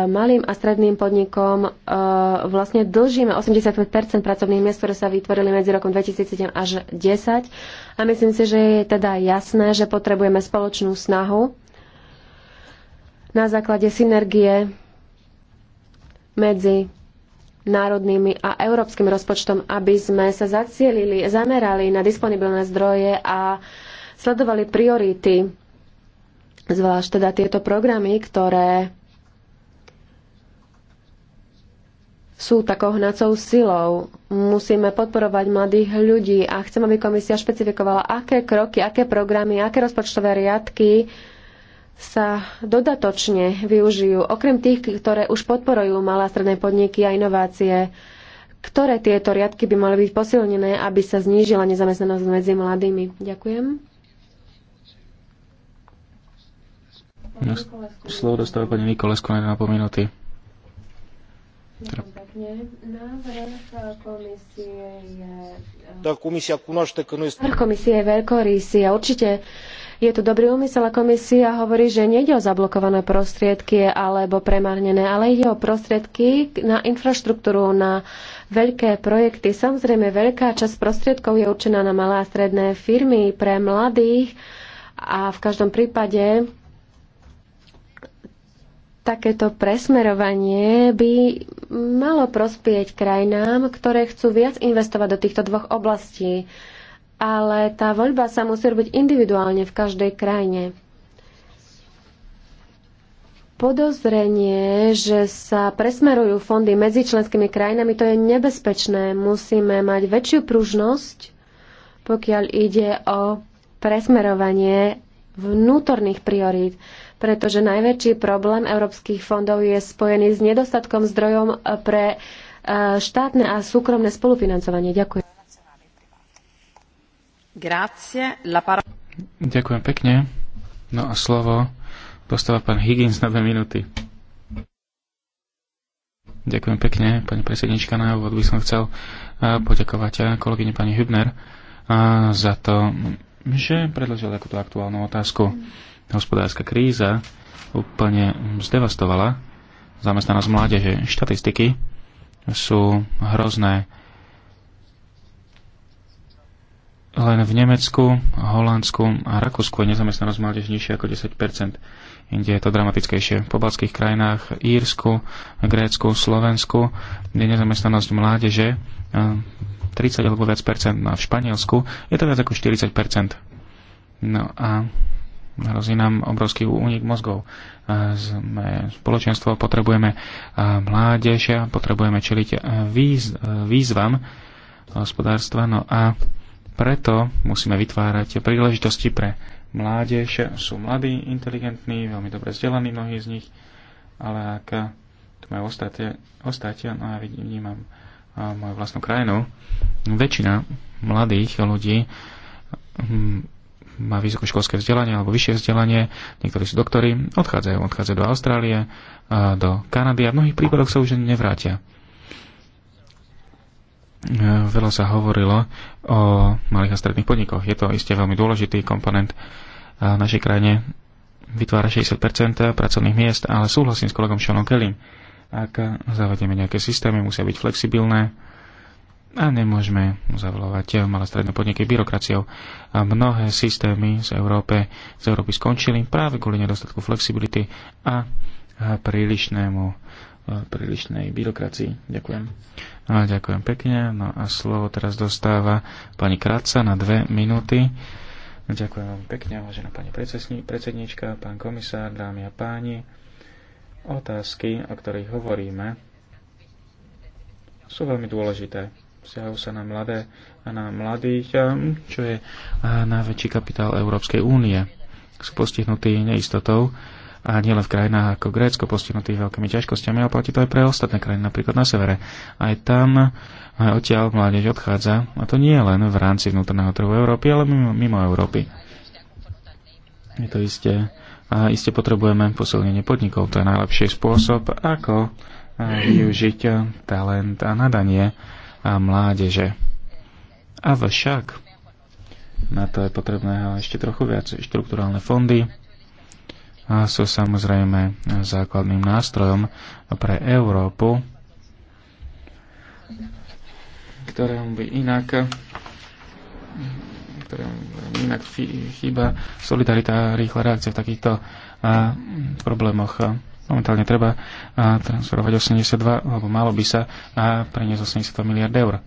Malým a stredným podnikom vlastne dlžíme 85 pracovných miest, ktoré sa vytvorili medzi rokom 2007 až 2010. A myslím si, že je teda jasné, že potrebujeme spoločnú snahu na základe synergie medzi národnými a európskym rozpočtom, aby sme sa zacielili, zamerali na disponibilné zdroje a sledovali priority, zvlášť teda tieto programy, ktoré sú takou hnacou silou. Musíme podporovať mladých ľudí a chcem, aby komisia špecifikovala, aké kroky, aké programy, aké rozpočtové riadky sa dodatočne využijú, okrem tých, ktoré už podporujú malé a stredné podniky a inovácie, ktoré tieto riadky by mali byť posilnené, aby sa znížila nezamestnanosť medzi mladými. Ďakujem. No, slovo dostáva pani Nikolesko na 1,5 minúty. E, Návrh komisie je veľkorysý a určite je tu dobrý úmysel a komisia hovorí, že nejde o zablokované prostriedky alebo premárnené, ale ide o prostriedky na infraštruktúru, na veľké projekty. Samozrejme, veľká časť prostriedkov je určená na malé a stredné firmy pre mladých a v každom prípade takéto presmerovanie by malo prospieť krajinám, ktoré chcú viac investovať do týchto dvoch oblastí ale tá voľba sa musí robiť individuálne v každej krajine. Podozrenie, že sa presmerujú fondy medzi členskými krajinami, to je nebezpečné. Musíme mať väčšiu pružnosť, pokiaľ ide o presmerovanie vnútorných priorít, pretože najväčší problém európskych fondov je spojený s nedostatkom zdrojom pre e, štátne a súkromné spolufinancovanie. Ďakujem. Ďakujem pekne. No a slovo dostáva pán Higgins na dve minúty. Ďakujem pekne, pani predsednička. Na úvod by som chcel poďakovať kolegyne pani Hübner za to, že predložila takúto aktuálnu otázku. Hospodárska kríza úplne zdevastovala zamestnanosť mládeže. Štatistiky sú hrozné Len v Nemecku, Holandsku a Rakúsku je nezamestnanosť mládež nižšia ako 10 Inde je to dramatickejšie. V pobalských krajinách Írsku, Grécku, Slovensku je nezamestnanosť mládeže 30 eh, alebo viac percent. No a v Španielsku je to viac ako 40 No a hrozí nám obrovský únik mozgov. Eh, sme spoločenstvo, potrebujeme eh, mládež, potrebujeme čeliť výz, výzvam hospodárstva, no a preto musíme vytvárať príležitosti pre mládež. Sú mladí, inteligentní, veľmi dobre vzdelaní mnohí z nich, ale ak tu majú ostate, ostáte no ja vnímam moju vlastnú krajinu, väčšina mladých ľudí hm, má vysokoškolské vzdelanie alebo vyššie vzdelanie, niektorí sú doktory, odchádzajú, odchádzajú do Austrálie, do Kanady a v mnohých prípadoch sa už nevrátia. Veľa sa hovorilo o malých a stredných podnikoch. Je to iste veľmi dôležitý komponent eh, v našej krajine. Vytvára 60 pracovných miest, ale súhlasím s kolegom Seanom Kellym. Ak zavedieme nejaké systémy, musia byť flexibilné a nemôžeme zavolovať malé stredné podniky byrokraciou. A mnohé systémy z, Európe, z Európy skončili práve kvôli nedostatku flexibility a prílišnému prílišnej byrokracii. Ďakujem. No, ďakujem pekne. No a slovo teraz dostáva pani Kráca na dve minúty. Ďakujem vám pekne, vážená pani predsednička, pán komisár, dámy a páni. Otázky, o ktorých hovoríme, sú veľmi dôležité. Vzťahujú sa na mladé a na mladých, čo je najväčší kapitál Európskej únie. Sú postihnutí neistotou, a nielen v krajinách ako Grécko postihnutých veľkými ťažkosťami, ale platí to aj pre ostatné krajiny, napríklad na severe. Aj tam aj odtiaľ mládež odchádza, a to nie len v rámci vnútorného trhu Európy, ale mimo, mimo Európy. Je to isté. A iste potrebujeme posilnenie podnikov. To je najlepší spôsob, ako využiť talent a nadanie a mládeže. Avšak na to je potrebné ešte trochu viac štruktúrálne fondy, a sú samozrejme základným nástrojom pre Európu, ktorému by inak ktorým inak chýba solidarita a rýchla reakcia v takýchto problémoch. Momentálne treba transferovať 82, alebo malo by sa a preniesť 82 miliard eur.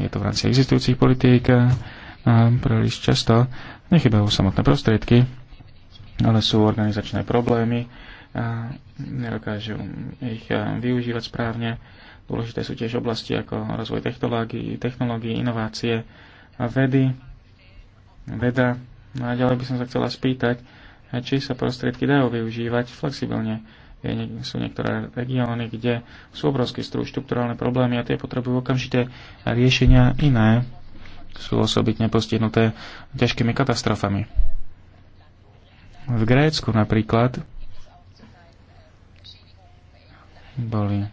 Je to v rámci existujúcich politík. Príliš často nechybajú samotné prostriedky ale sú organizačné problémy, a nedokážu ich využívať správne. Dôležité sú tiež oblasti ako rozvoj technológií, technológií inovácie a vedy, veda. No a ďalej by som sa chcela spýtať, či sa prostriedky dajú využívať flexibilne. Je, sú niektoré regióny, kde sú obrovské štruktúrálne problémy a tie potrebujú okamžité riešenia iné. Sú osobitne postihnuté ťažkými katastrofami v Grécku napríklad boli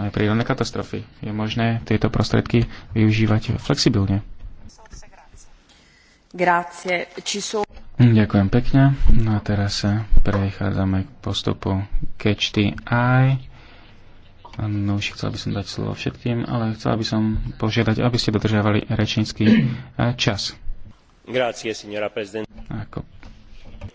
aj prírodné katastrofy. Je možné tieto prostriedky využívať flexibilne. Grazie. Ci sú... Ďakujem pekne. No a teraz sa prechádzame k postupu Catch the Eye. No už chcel by som dať slovo všetkým, ale chcel by som požiadať, aby ste dodržiavali rečnícky eh, čas. Grazie, signora prezident. Ako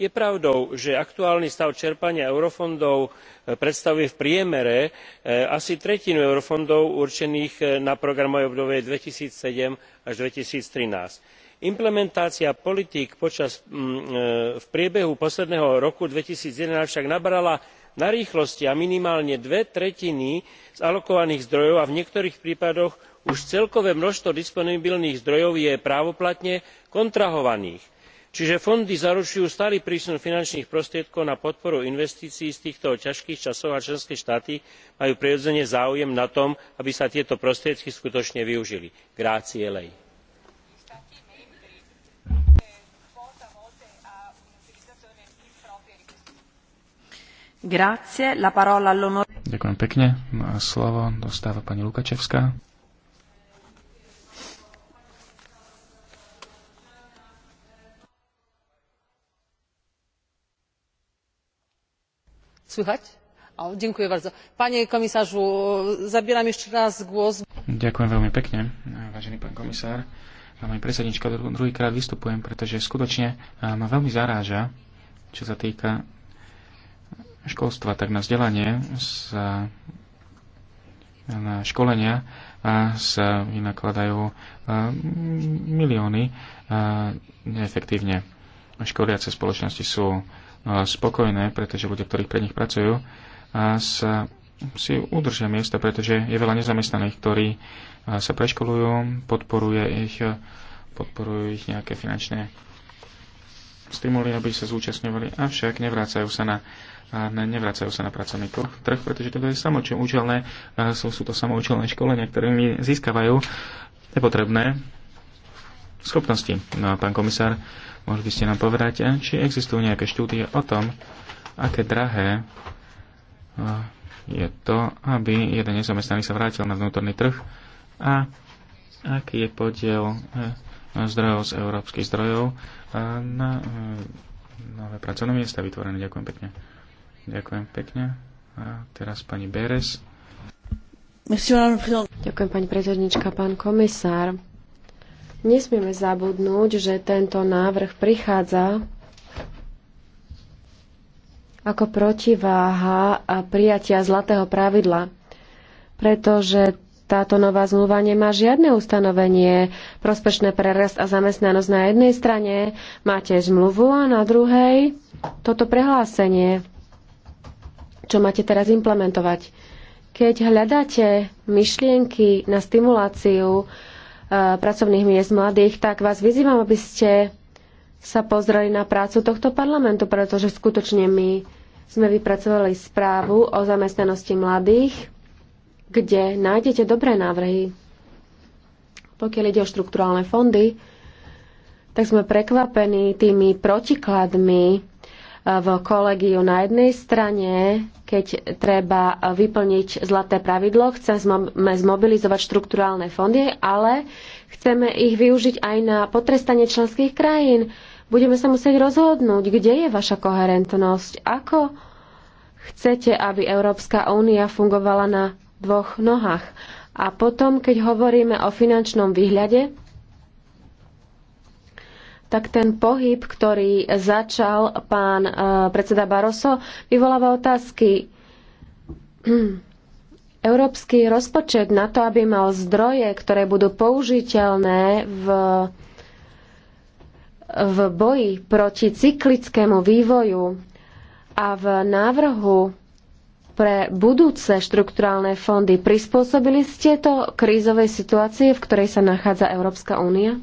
je pravdou že aktuálny stav čerpania eurofondov e, predstavuje v priemere e, asi tretinu eurofondov určených e, na programové obdobie two thousand and seven až. two thousand and thirteen implementácia politík mm, v priebehu posledného roku two thousand and eleven však nabrala na rýchlosti a minimálne dve tretiny z alokovaných zdrojov a v niektorých prípadoch už celkové množstvo disponibilných zdrojov je právoplatne kontrahovaných čiže fondy zaručujú stály prísun finančných prostriedkov na podporu investícií z týchto ťažkých časov a členské štáty majú prirodzene záujem na tom aby sa tieto prostriedky skutočne využili. grazie lei. Ďakujem pekne. Slovo dostáva pani Lukačevská. bardzo. panie komisarzu zabieram jeszcze raz głos. ďakujem veľmi pekne vážený pán komisár pani predsedníčka druhýkrát vystupujem pretože skutočne ma veľmi zaráža čo sa týka školstva tak na vzdelanie sa na školenia sa vynakladajú milióny neefektívne. Školiace spoločnosti sú spokojné, pretože ľudia, ktorí pre nich pracujú, sa si udržia miesta, pretože je veľa nezamestnaných, ktorí sa preškolujú, podporuje ich, podporujú ich nejaké finančné stimuly, aby sa zúčastňovali, avšak nevrácajú sa na, ne, nevracajú sa na pracovný trh, pretože toto je samočím účelné, sú, sú to samoučelné školenia, mi získavajú nepotrebné schopnosti. No a pán komisár, Mohli by ste nám povedať, eh, či existujú nejaké štúdie o tom, aké drahé eh, je to, aby jeden nezamestnaný sa vrátil na vnútorný trh a aký je podiel eh, zdrojov z európskych zdrojov na nové pracovné miesta vytvorené. Ďakujem pekne. Ďakujem pekne. A teraz pani Beres. Ďakujem pani prezidentnička, pán komisár. Nesmieme zabudnúť, že tento návrh prichádza ako protiváha a prijatia zlatého pravidla, pretože táto nová zmluva nemá žiadne ustanovenie prospešné pre rast a zamestnanosť. Na jednej strane máte zmluvu a na druhej toto prehlásenie, čo máte teraz implementovať. Keď hľadáte myšlienky na stimuláciu pracovných miest mladých, tak vás vyzývam, aby ste sa pozreli na prácu tohto parlamentu, pretože skutočne my sme vypracovali správu o zamestnanosti mladých, kde nájdete dobré návrhy. Pokiaľ ide o štruktúrálne fondy, tak sme prekvapení tými protikladmi v kolegiu. Na jednej strane, keď treba vyplniť zlaté pravidlo, chceme zmobilizovať štrukturálne fondy, ale chceme ich využiť aj na potrestanie členských krajín. Budeme sa musieť rozhodnúť, kde je vaša koherentnosť, ako chcete, aby Európska únia fungovala na dvoch nohách. A potom, keď hovoríme o finančnom výhľade, tak ten pohyb, ktorý začal pán e, predseda Barroso, vyvoláva otázky. Európsky rozpočet na to, aby mal zdroje, ktoré budú použiteľné v, v boji proti cyklickému vývoju a v návrhu pre budúce štrukturálne fondy. Prispôsobili ste to krízovej situácie, v ktorej sa nachádza Európska únia?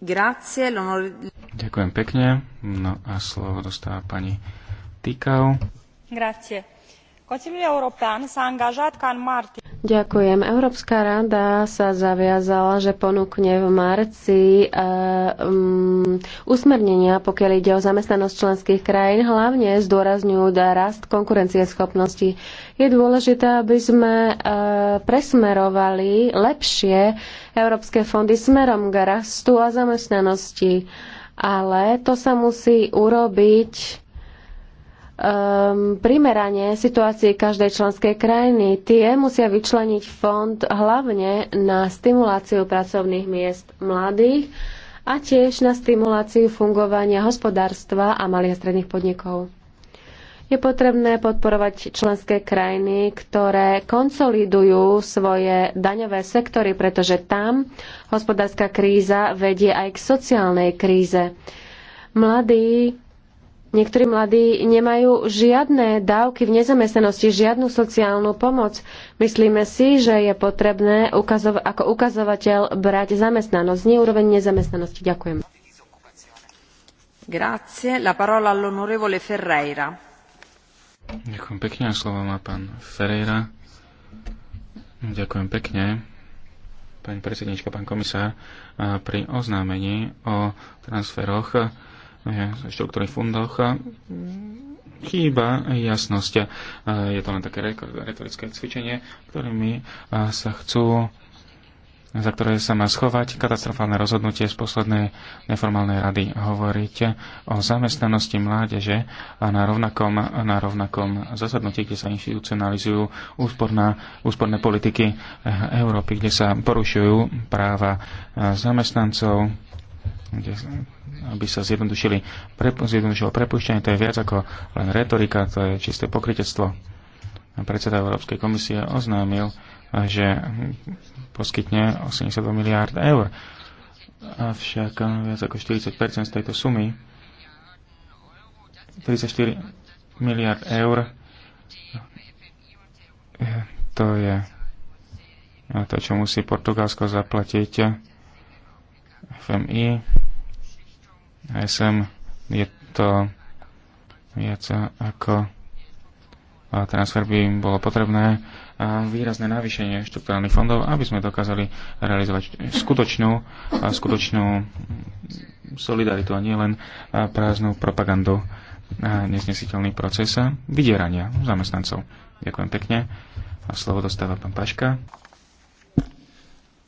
Ďakujem pekne. No a slovo dostáva pani Tikau. Grazie. Consiliul European s-a angajat ca în martie Ďakujem. Európska rada sa zaviazala, že ponúkne v marci uh, um, usmernenia, pokiaľ ide o zamestnanosť členských krajín, hlavne zdôrazňujú rast konkurencieschopnosti. Je dôležité, aby sme uh, presmerovali lepšie európske fondy smerom k rastu a zamestnanosti. Ale to sa musí urobiť um, primerane situácii každej členskej krajiny. Tie musia vyčleniť fond hlavne na stimuláciu pracovných miest mladých a tiež na stimuláciu fungovania hospodárstva a malých a stredných podnikov. Je potrebné podporovať členské krajiny, ktoré konsolidujú svoje daňové sektory, pretože tam hospodárska kríza vedie aj k sociálnej kríze. Mladí Niektorí mladí nemajú žiadne dávky v nezamestnanosti, žiadnu sociálnu pomoc. Myslíme si, že je potrebné ukazov- ako ukazovateľ brať zamestnanosť, nie úroveň nezamestnanosti. Ďakujem. Grazie. La parola all'onorevole Ferreira. Ďakujem pekne a slovo má pán Ferreira. Ďakujem pekne. Pani predsednička, pán komisár, pri oznámení o transferoch štruktúrnych fundoch chýba jasnosť. Je to len také retorické cvičenie, ktorými sa chcú za ktoré sa má schovať katastrofálne rozhodnutie z poslednej neformálnej rady hovoriť o zamestnanosti mládeže a na rovnakom, na rovnakom zasadnutí, kde sa institucionalizujú úsporná, úsporné politiky Európy, kde sa porušujú práva zamestnancov, aby sa zjednodušili, zjednodušilo prepušťanie, to je viac ako len retorika, to je čisté pokritectvo. Predseda Európskej komisie oznámil, že poskytne 82 miliárd eur. Avšak viac ako 40 z tejto sumy, 34 miliard eur, to je to, čo musí Portugalsko zaplatiť FMI, SM je to viac ako transfer by bolo potrebné a výrazné navýšenie štruktúrnych fondov, aby sme dokázali realizovať skutočnú, skutočnú solidaritu a nielen prázdnu propagandu a neznesiteľný proces vydierania zamestnancov. Ďakujem pekne. A slovo dostáva pán Paška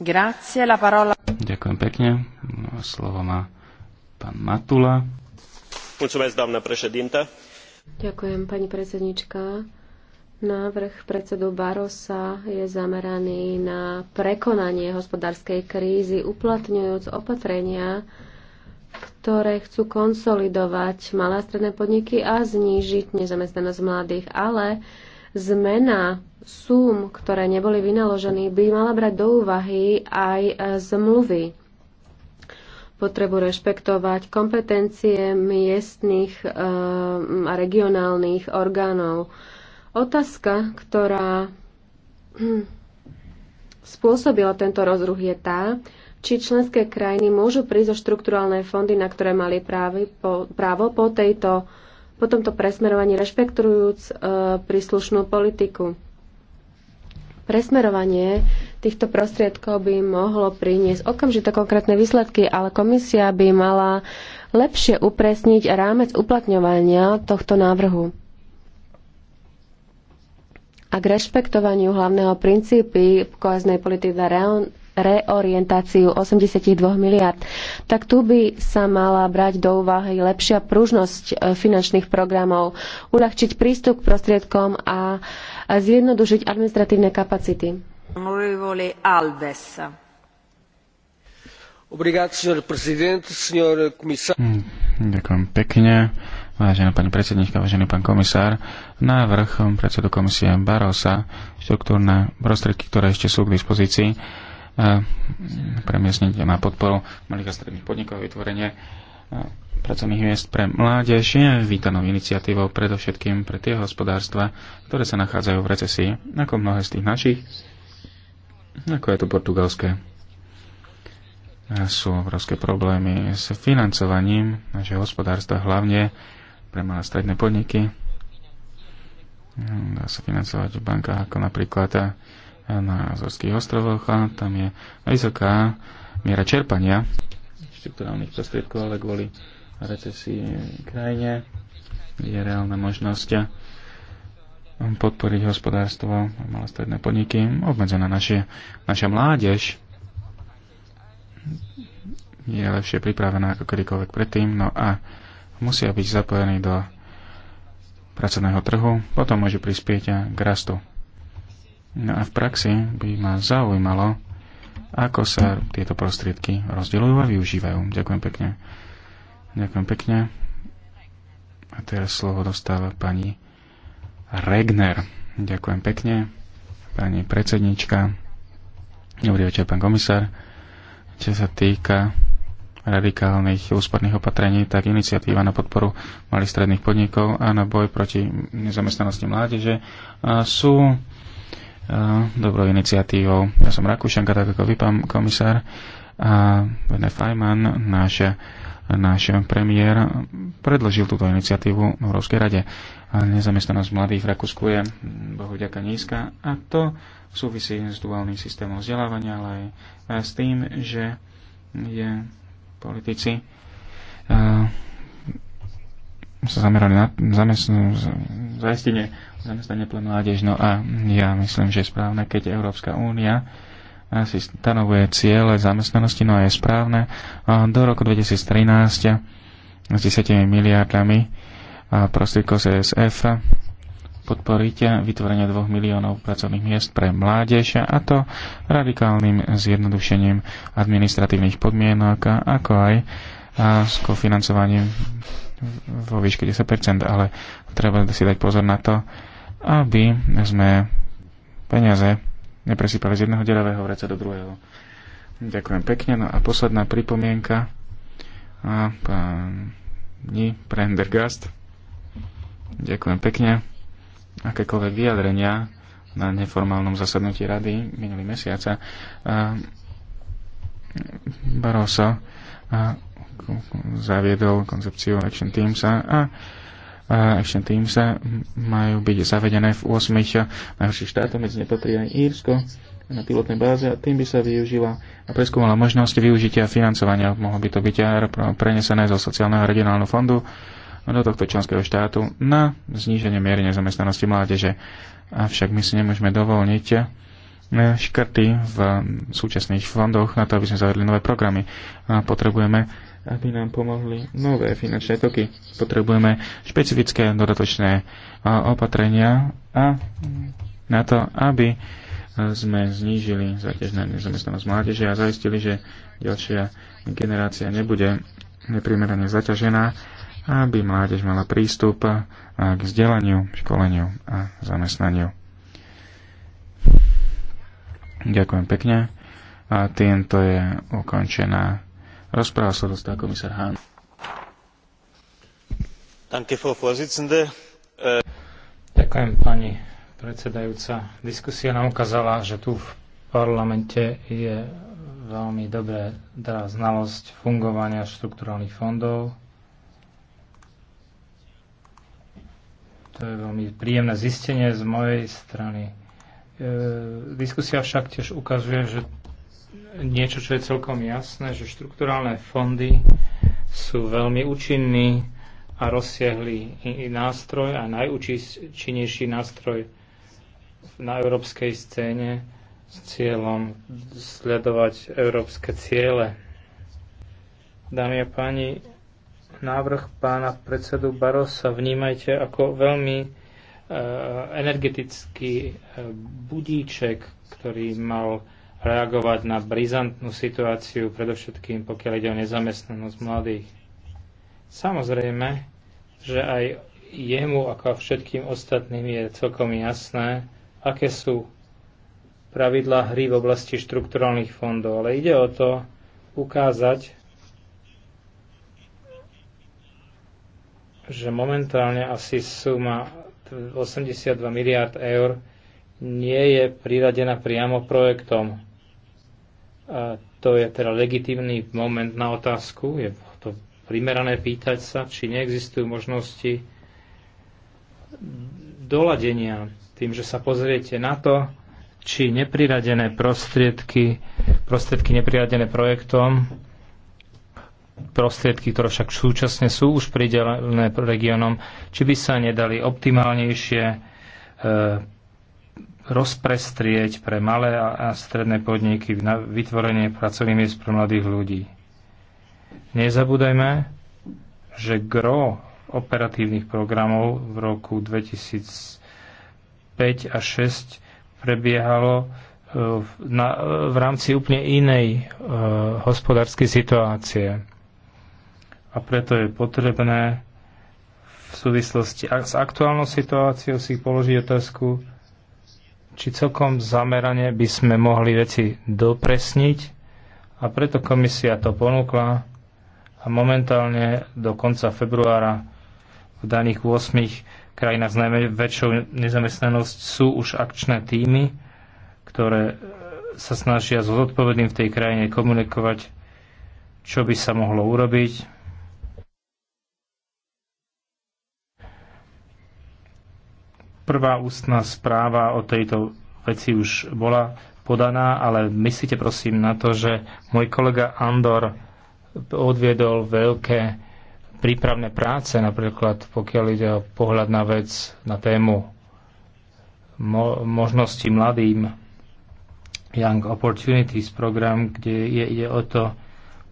Grazie, la parola. Ďakujem pekne. Slovo má pán Matula. Mulțumesc, doamnă președintă. Ďakujem, pani predsednička. Návrh predsedu Barosa je zameraný na prekonanie hospodárskej krízy, uplatňujúc opatrenia, ktoré chcú konsolidovať malé a stredné podniky a znížiť nezamestnanosť mladých, ale zmena súm, ktoré neboli vynaložené, by mala brať do úvahy aj e, zmluvy. Potrebu rešpektovať kompetencie miestnych e, a regionálnych orgánov. Otázka, ktorá hm, spôsobila tento rozruch, je tá, či členské krajiny môžu prísť o štrukturálne fondy, na ktoré mali právo po tejto po tomto presmerovaní rešpektujúc e, príslušnú politiku. Presmerovanie týchto prostriedkov by mohlo priniesť okamžite konkrétne výsledky, ale komisia by mala lepšie upresniť rámec uplatňovania tohto návrhu. A k rešpektovaniu hlavného princípy koheznej politiky reorientáciu 82 miliard, tak tu by sa mala brať do úvahy lepšia pružnosť e, finančných programov, uľahčiť prístup k prostriedkom a zjednodušiť administratívne kapacity. Hmm, ďakujem pekne. Vážená pani predsednička, vážený pán komisár, návrh predsedu komisie Barosa, štruktúrne prostriedky, ktoré ešte sú k dispozícii, Mm, premiesniť na podporu malých a stredných podnikov a vytvorenie pracovných miest pre mládež je vítanou iniciatívou predovšetkým pre tie hospodárstva, ktoré sa nachádzajú v recesii, ako mnohé z tých našich, ako je to portugalské. Sú obrovské problémy s financovaním našeho hospodárstva, hlavne pre malé stredné podniky. Dá sa financovať v bankách ako napríklad na Azorských ostrovoch a tam je vysoká miera čerpania štruktúrálnych prostriedkov, ale kvôli recesii krajine je reálna možnosť podporiť hospodárstvo, malé stredné podniky, obmedzená naše, naša mládež je lepšie pripravená ako kedykoľvek predtým, no a musia byť zapojení do pracovného trhu, potom môže prispieť k rastu. No a v praxi by ma zaujímalo, ako sa tieto prostriedky rozdeľujú a využívajú. Ďakujem pekne. Ďakujem pekne. A teraz slovo dostáva pani Regner. Ďakujem pekne. Pani predsednička. Dobrý večer, pán komisár. Čo sa týka radikálnych úsporných opatrení, tak iniciatíva na podporu malých stredných podnikov a na boj proti nezamestnanosti mládeže sú dobrou iniciatívou. Ja som Rakúšanka, tak ako vy, pán komisár. A Bene Fajman, náš, náš premiér, predložil túto iniciatívu v Európskej rade. A nezamestnanosť mladých v Rakúsku je bohu ďaká nízka a to súvisí s duálnym systémom vzdelávania, ale aj s tým, že je politici sa zamerali na zamestnú, zaistenie zamestnanie pre mládež. No a ja myslím, že je správne, keď Európska únia si stanovuje ciele zamestnanosti, no a je správne do roku 2013 s 10 miliardami prostriedkov CSF podporiť vytvorenie 2 miliónov pracovných miest pre mládež a to radikálnym zjednodušením administratívnych podmienok, ako aj s kofinancovaním vo výške 10%, ale treba si dať pozor na to, aby sme peniaze nepresýpali z jedného deravého vreca do druhého. Ďakujem pekne. No a posledná pripomienka a pani Prendergast. Ďakujem pekne. Akékoľvek vyjadrenia na neformálnom zasadnutí rady minulý mesiaca Barroso zaviedol koncepciu Action Teams a Action Teams majú byť zavedené v 8 najhorších štátoch, medzi nepatrí aj Írsko na pilotnej báze a tým by sa využila a preskúmala možnosť využitia financovania. Mohlo by to byť aj prenesené zo sociálneho regionálneho fondu do tohto členského štátu na zníženie miery nezamestnanosti mládeže. Avšak my si nemôžeme dovolniť eh, škrty v súčasných fondoch na to, aby sme zavedli nové programy. Potrebujeme aby nám pomohli nové finančné toky. Potrebujeme špecifické dodatočné opatrenia a na to, aby sme znížili záťaž na nezamestnanosť mládeže a zaistili, že ďalšia generácia nebude neprimerane zaťažená, aby mládež mala prístup k vzdelaniu, školeniu a zamestnaniu. Ďakujem pekne. A týmto je ukončená Rozpráva sa dostá komisár Hahn. Ďakujem, pani predsedajúca. Diskusia nám ukázala, že tu v parlamente je veľmi dobré teda znalosť fungovania štrukturálnych fondov. To je veľmi príjemné zistenie z mojej strany. E, diskusia však tiež ukazuje, že niečo, čo je celkom jasné, že štrukturálne fondy sú veľmi účinný a rozsiahlý nástroj a najúčinnejší nástroj na európskej scéne s cieľom sledovať európske ciele. Dámy a páni, návrh pána predsedu Barosa vnímajte ako veľmi e, energetický e, budíček, ktorý mal reagovať na brizantnú situáciu, predovšetkým pokiaľ ide o nezamestnanosť mladých. Samozrejme, že aj jemu, ako a všetkým ostatným, je celkom jasné, aké sú pravidlá hry v oblasti štrukturálnych fondov, ale ide o to ukázať, že momentálne asi suma 82 miliard eur nie je priradená priamo projektom a to je teda legitímny moment na otázku. Je to primerané pýtať sa, či neexistujú možnosti doladenia tým, že sa pozriete na to, či nepriradené prostriedky, prostriedky nepriradené projektom, prostriedky, ktoré však súčasne sú už pridelené regiónom, či by sa nedali optimálnejšie e, rozprestrieť pre malé a stredné podniky na vytvorenie pracovných miest pre mladých ľudí. Nezabúdajme, že gro operatívnych programov v roku 2005 a 2006 prebiehalo e, na, v rámci úplne inej e, hospodárskej situácie. A preto je potrebné v súvislosti s aktuálnou situáciou si položiť otázku, či celkom zamerane by sme mohli veci dopresniť a preto komisia to ponúkla a momentálne do konca februára v daných 8 krajinách s najväčšou nezamestnanosť sú už akčné týmy, ktoré e, sa snažia s zodpovedným v tej krajine komunikovať, čo by sa mohlo urobiť, Prvá ústna správa o tejto veci už bola podaná, ale myslíte prosím na to, že môj kolega Andor odviedol veľké prípravné práce, napríklad pokiaľ ide o pohľad na vec, na tému mo- možnosti mladým Young Opportunities program, kde je, ide o to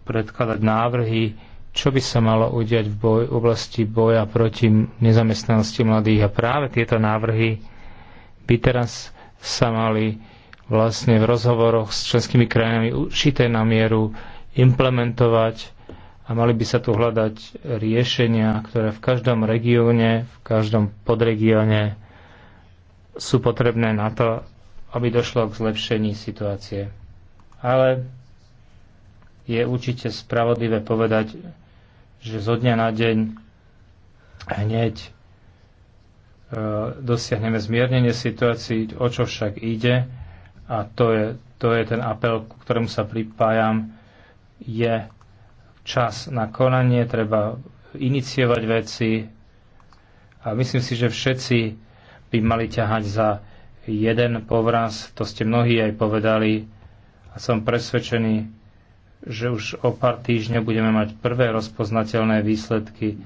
predkladať návrhy čo by sa malo udiať v boj, oblasti boja proti nezamestnanosti mladých. A práve tieto návrhy by teraz sa mali vlastne v rozhovoroch s členskými krajinami určité na mieru implementovať a mali by sa tu hľadať riešenia, ktoré v každom regióne, v každom podregióne sú potrebné na to, aby došlo k zlepšení situácie. Ale je určite spravodlivé povedať, že zo dňa na deň hneď e, dosiahneme zmiernenie situácií, o čo však ide, a to je, to je ten apel, ku ktorému sa pripájam, je čas na konanie, treba iniciovať veci a myslím si, že všetci by mali ťahať za jeden povraz, to ste mnohí aj povedali a som presvedčený, že už o pár týždňov budeme mať prvé rozpoznateľné výsledky,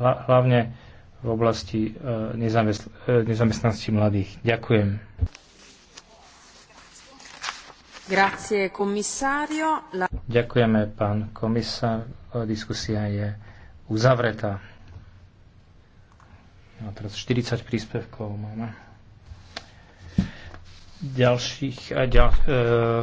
hlavne v oblasti e, e, nezamestnanosti mladých. Ďakujem. Grazie, La... Ďakujeme, pán komisár. Diskusia je uzavretá. A no, teraz 40 príspevkov máme. Ďalších ďal, e,